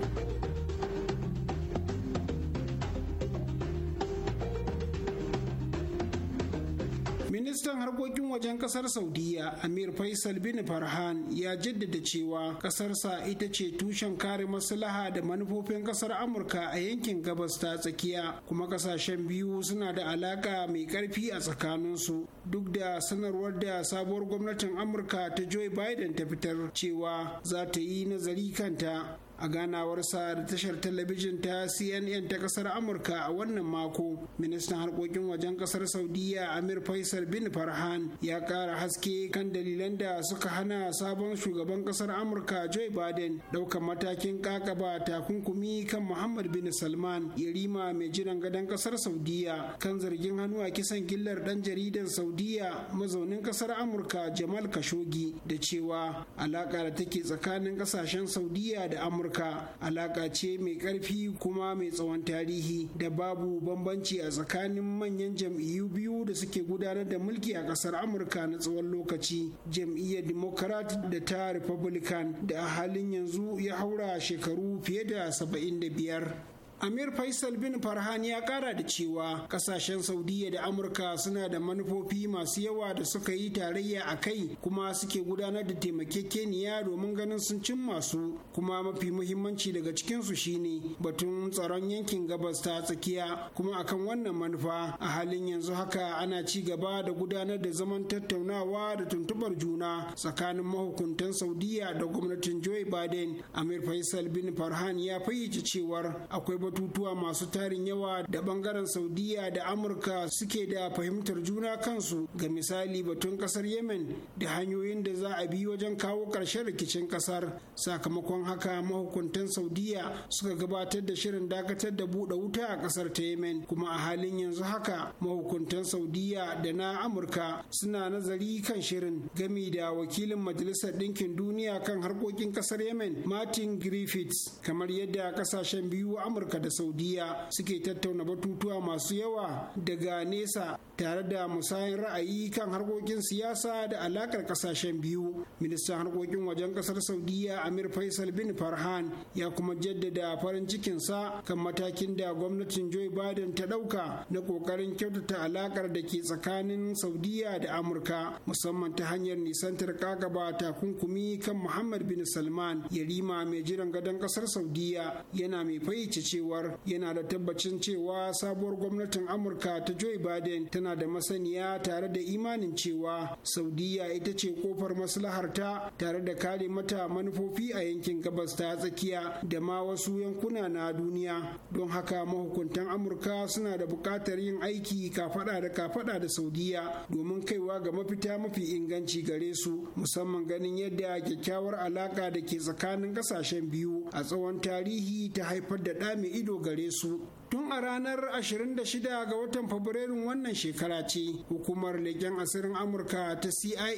ministan harkokin wajen kasar saudiya amir faisal bin farhan ya jaddada cewa kasarsa ita ce tushen kare maslaha da manufofin kasar amurka a yankin gabas ta tsakiya kuma kasashen biyu suna da alaka mai karfi a tsakaninsu duk da sanarwar da sabuwar gwamnatin amurka ta joe biden ta fitar cewa za ta yi nazari kanta a ganawarsa da tashar talabijin ta cnn ta kasar amurka a wannan mako ministan harkokin wajen kasar saudiya amir faisal bin farhan ya kara haske kan dalilan da suka hana sabon shugaban kasar amurka joe biden ɗaukar matakin kakaba takunkumi kan muhammad bin salman yarima mai jiran gadon kasar saudiya kan zargin hannu a kisan gillar dan jaridan saudiya mazaunin kasar amurka jamal kashogi da cewa alaƙa da take tsakanin kasashen saudiya da amurka amurka alaka ce mai ƙarfi kuma mai tsawon tarihi da babu bambanci a tsakanin manyan jam'iyyu biyu da suke gudanar da mulki a ƙasar amurka na tsawon lokaci jam'iyyar democrat da ta republican da a halin yanzu ya haura shekaru fiye da 75 Amir Faisal bin Farhan ya kara da cewa kasashen Saudiya da Amurka suna da manufofi masu yawa da suka yi tarayya a kai kuma suke gudanar da taimakekeniya domin ganin sun cin masu kuma mafi muhimmanci daga cikinsu shine batun tsaron yankin gabas ta tsakiya kuma akan wannan manufa a halin yanzu haka ana ci gaba da gudanar da zaman tattaunawa da tuntubar juna tsakanin mahukuntan Saudiya da gwamnatin Joe Biden Amir Faisal bin Farhan ya fayyace cewar akwai batutuwa masu tarin yawa da bangaren saudiya da amurka suke da fahimtar juna kansu ga misali batun kasar yemen da hanyoyin da za a bi wajen kawo ƙarshen rikicin kasar sakamakon haka mahukuntan saudiya suka gabatar da shirin dakatar da buɗe wuta a kasar ta yemen kuma a halin yanzu haka mahukuntan saudiya da na amurka suna nazari kan shirin gami da wakilin majalisar ɗinkin duniya kan harkokin kasar yemen martin griffiths kamar yadda kasashen biyu amurka amurka da saudiya suke tattauna batutuwa masu yawa daga nesa tare da musayin ra'ayi kan harkokin siyasa da alakar kasashen biyu ministan harkokin wajen kasar saudiya amir faisal bin farhan ya kuma jaddada farin cikinsa kan matakin da gwamnatin joe biden ta ɗauka na ƙoƙarin kyautata alakar da ke tsakanin saudiya da amurka musamman ta hanyar nisantar kakaba takunkumi kan muhammad bin salman yarima mai jiran gadon kasar saudiya yana mai fayyace cewa cewar yana da tabbacin cewa sabuwar gwamnatin amurka ta joe biden tana da masaniya tare da imanin cewa saudiya ita ce kofar maslaharta tare da kare mata manufofi a yankin gabas ta tsakiya da ma wasu yankuna na duniya don haka mahukuntan amurka suna da buƙatar yin aiki kafaɗa da kafaɗa da saudiya domin kaiwa ga mafita mafi inganci gare su musamman ganin yadda kyakkyawar alaƙa da ke tsakanin ƙasashen biyu a tsawon tarihi ta haifar da ɗa ido gare su tun a ranar 26 ga watan Fabrairu wannan shekara ce hukumar leken asirin amurka ta cia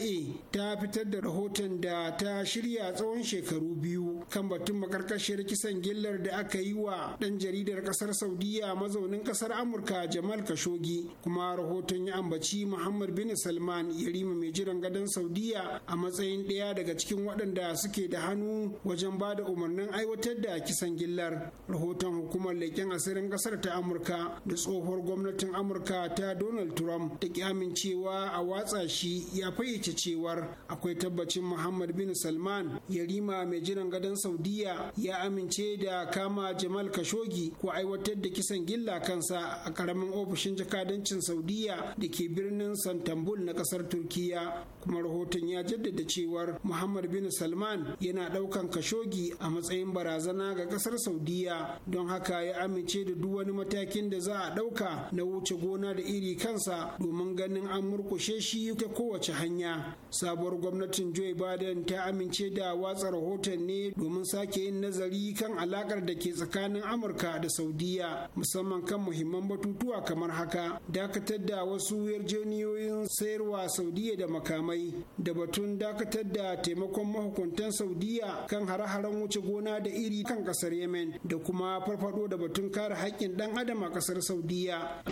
ta fitar da rahoton da ta shirya tsawon shekaru biyu kan batun makarkashiyar kisan gillar da aka yi wa ɗan jaridar ƙasar saudiya mazaunin ƙasar amurka jamal kashogi kuma rahoton ya ambaci muhammad bin salman yarima mai jiran gadon saudiya a matsayin ɗaya daga cikin waɗanda suke da hannu wajen ba da umarnin aiwatar da kisan gillar rahoton hukumar leƙen asirin kasar ta amurka da tsohuwar gwamnatin amurka ta donald trump ta ki amincewa a watsa shi ya fayyace cewar akwai tabbacin muhammad bin salman yarima mai jiran gadon saudiya ya amince da kama jamal kashogi ko aiwatar da kisan gilla kansa a karamin ofishin jakadancin saudiya da ke birnin santambul na kasar turkiya kuma rahoton ya jaddada cewar muhammad bin salman yana daukan kashogi a matsayin barazana ga kasar saudiya don haka ya amince da duk duk wani matakin da za a ɗauka na wuce gona da iri kansa domin ganin an murkushe shi ta kowace hanya sabuwar gwamnatin joe biden ta amince da watsa rahoton ne domin sake yin nazari kan alakar da ke tsakanin amurka da saudiya musamman kan muhimman batutuwa kamar haka dakatar da wasu yarjejeniyoyin sayarwa saudiya da makamai da batun dakatar da taimakon mahukuntan saudiya kan hare-haren wuce gona da iri kan kasar yemen da kuma farfado da batun kare haƙƙi haƙƙin ɗan adam a ƙasar saudiya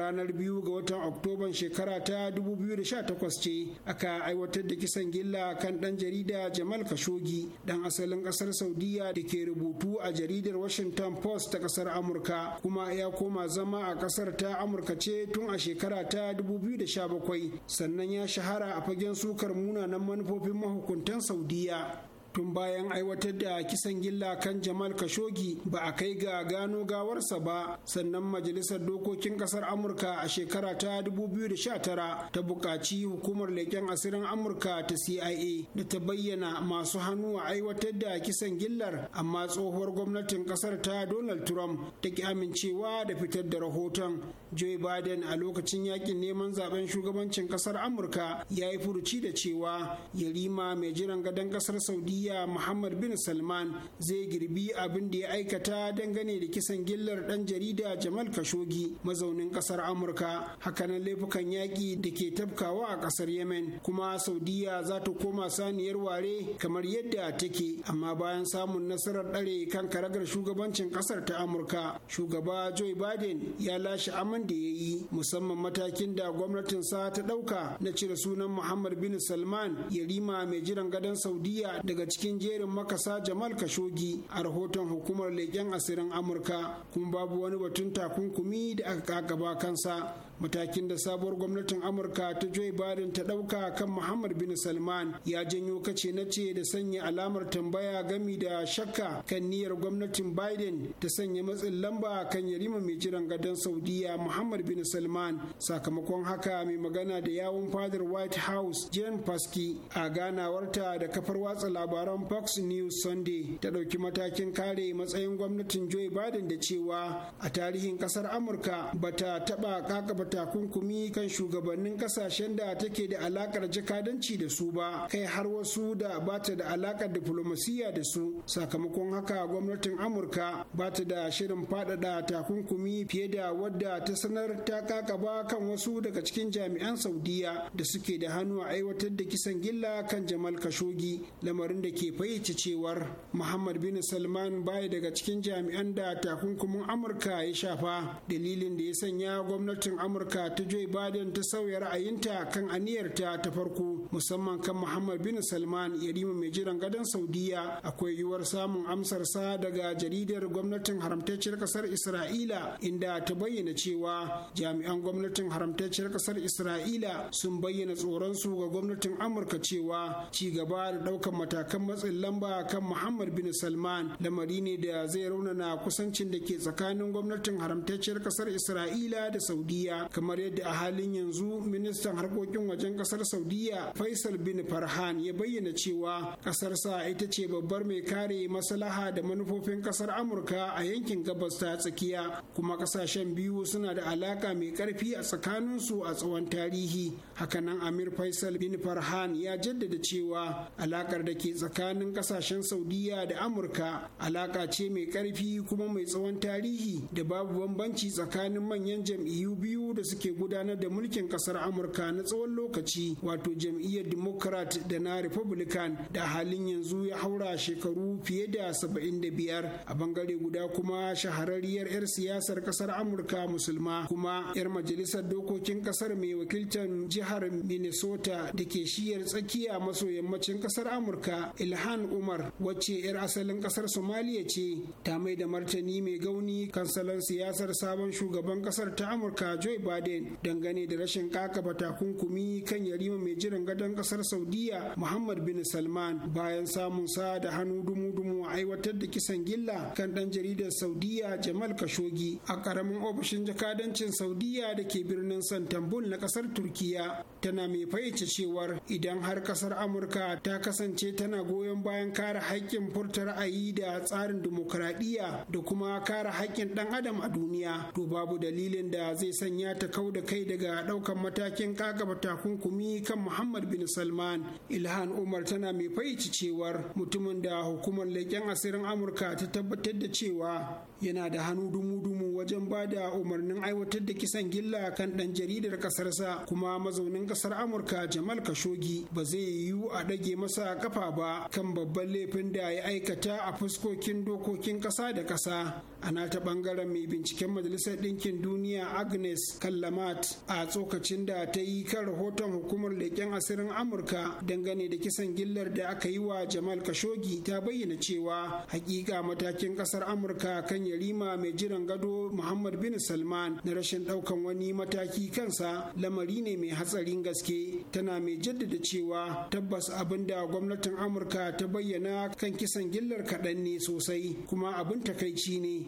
ranar biyu ga watan oktoban shekara ta 2018 ce aka aiwatar da kisan gilla kan dan jarida jamal kashogi dan asalin kasar saudiya da ke rubutu a jaridar washington post ta kasar amurka kuma ya koma zama a kasar ta amurka ce tun a shekara ta 2017 sannan ya shahara a fagen sukar munanan manufofin mahukuntan saudiya tun bayan aiwatar da kisan gilla kan jamal kashogi ba a kai ga gano gawarsa ba sannan majalisar dokokin kasar amurka a shekara ta 2019 ta buƙaci hukumar leƙen asirin amurka ta cia da ta bayyana masu hannu a aiwatar da kisan gillar amma tsohuwar gwamnatin kasar ta donald trump ta ki amincewa da fitar da rahoton joe biden a lokacin yakin neman zaben shugabancin kasar amurka ya yi furuci da cewa yarima mai jiran gadon kasar saudi saudiya muhammad bin salman zai girbi abin da ya aikata dangane da kisan gillar dan jarida jamal kashogi mazaunin kasar amurka hakanan laifukan yaƙi da ke tafkawa a ƙasar yemen kuma saudiya za ta koma saniyar ware kamar yadda take amma bayan samun nasarar ɗare kan karagar shugabancin ƙasar ta amurka shugaba joe biden ya lashe aman da ya yi musamman matakin da gwamnatin sa ta ɗauka na cire sunan muhammad bin salman yarima mai jiran gadon saudiya daga cikin jerin makasa Jamal kashogi a rahoton hukumar leƙen asirin Amurka kuma babu wani batun takunkumi da aka gaba kansa matakin da sabuwar gwamnatin amurka ta joe biden ta ɗauka kan muhammad bin salman ya janyo kace na ce da sanya alamar tambaya gami da shakka kan niyyar gwamnatin biden ta sanya matsin lamba kan yarima mai jiran gadon saudiya muhammad bin salman sakamakon haka mai magana da yawun fadar white house Jane paski a ganawarta da kafar watsa labaran fox news sunday ta ɗauki matakin kare matsayin gwamnatin joe biden da cewa a tarihin ƙasar amurka bata taɓa kakaba takunkumi kan shugabannin kasashen da take da alakar jakadanci da su ba kai har wasu da ba ta da alakar diflomasiyya da su sakamakon haka gwamnatin amurka ba ta da shirin faɗaɗa takunkumi fiye da wadda ta sanar ta kakaba kan wasu daga cikin jami'an saudiya da suke da hannu a aiwatar da kisan gilla kan jamal kashogi lamarin da ke fayyace cewar muhammad bin salman baya daga cikin jami'an da takunkumin amurka ya shafa dalilin da ya sanya gwamnatin amurka amurka ta joe biden ta sauya ra'ayinta kan aniyarta ta farko musamman kan muhammad bin salman yarima mai jiran gadon saudiya akwai yiwuwar samun amsarsa daga jaridar gwamnatin haramtacciyar kasar isra'ila inda ta bayyana cewa jami'an gwamnatin haramtacciyar ƙasar isra'ila sun bayyana tsoron su ga gwamnatin amurka cewa ci gaba da ɗaukar matakan matsin lamba kan muhammad bin salman lamari ne da zai raunana kusancin da ke tsakanin gwamnatin haramtacciyar ƙasar isra'ila da saudiya kamar yadda a halin yanzu ministan harkokin wajen kasar saudiya faisal bin farhan ya bayyana cewa sa ita ce babbar mai kare maslaha da manufofin kasar amurka a yankin gabas ta tsakiya kuma kasashen biyu suna da alaka mai karfi a tsakaninsu a tsawon tarihi hakanan amir faisal bin farhan ya jaddada cewa alakar da ke tsakanin kasashen saudiya da amurka alaka ce mai karfi kuma mai tsawon tarihi da babu bambanci tsakanin manyan jam'iyyu biyu da suke gudanar da mulkin kasar amurka na tsawon lokaci wato jam'iyyar democrat da na republican da halin yanzu ya haura shekaru fiye da saba'in da biyar, a bangare guda kuma shahararriyar 'yar siyasar kasar amurka musulma kuma 'yar majalisar dokokin kasar mai wakiltar jihar minnesota da ke shiyar tsakiya maso yammacin kasar amurka ilhan umar wacce 'yar asalin kasar somaliya ce ta mai da martani mai gauni kansalan siyasar sabon shugaban kasar ta amurka joe baden dangane da rashin kakaba takunkumi kan yarima mai jiran gadon kasar saudiya muhammad bin salman bayan samun sa da hannu dumu-dumu a aiwatar da kisan gilla kan dan jaridar saudiya jamal kashogi a karamin ofishin jakadancin saudiya da ke birnin santambul na kasar turkiya tana mai fayyace cewar idan har kasar amurka ta kasance tana goyon bayan kare haƙƙin furta ra'ayi da tsarin dimokuraɗiyya da kuma kare haƙƙin ɗan adam a duniya to babu dalilin da zai sanya Ya ta kau da kai daga ɗaukan matakin kagaba takunkumi kan Muhammad bin Salman. Ilhan Umar tana mai faici cewar mutumin da hukumar leƙen asirin Amurka ta tabbatar da cewa yana da hannu dumu-dumu wajen ba da umarnin aiwatar da kisan gilla kan ɗan jaridar ƙasarsa kuma mazaunin ƙasar amurka jamal kashogi ba zai yiwu a dage masa kafa ba kan babban laifin da ya aikata a fuskokin dokokin ƙasa da ƙasa ana ta ɓangaren mai binciken majalisar ɗinkin duniya agnes kallamat a tsokacin da ta yi kan rahoton hukumar leƙen asirin amurka dangane da kisan gillar da aka yi wa jamal kashogi ta bayyana cewa hakika matakin ƙasar amurka kan yarima mai jiran gado Muhammad bin Salman na rashin ɗaukan wani mataki kansa lamari ne mai hatsarin gaske tana mai jaddada cewa tabbas abin da gwamnatin Amurka ta bayyana kan kisan gillar kaɗan ne sosai kuma abin takaici ne.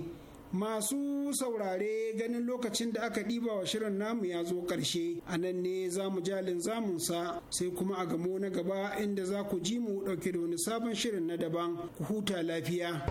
Masu saurare ganin lokacin da aka ɗiba wa shirin namu ya zo ƙarshe, a nan ne za mu jalin zamunsa sai kuma a gamo na gaba inda za ku ji mu ɗauke da wani sabon shirin na daban ku huta lafiya.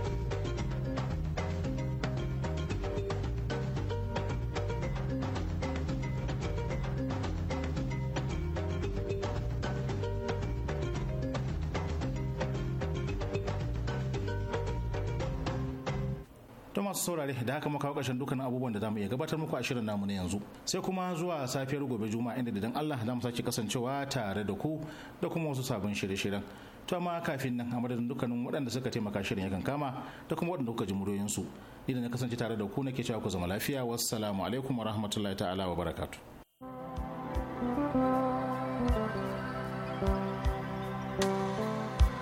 masu saurare da haka muka kawo dukkanin abubuwan da zamu iya gabatar muku a shirin namu na yanzu sai kuma zuwa safiyar gobe juma'a inda dan Allah za mu sake kasancewa tare da ku da kuma wasu sabon shirye-shiryen to amma kafin nan a madadin dukkanin waɗanda suka taimaka shirin yakan kama da kuma waɗanda kuka ji muryoyin su da na kasance tare da ku nake cewa ku zama lafiya wassalamu alaikum wa rahmatullahi ta'ala wa barakatu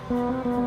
thank you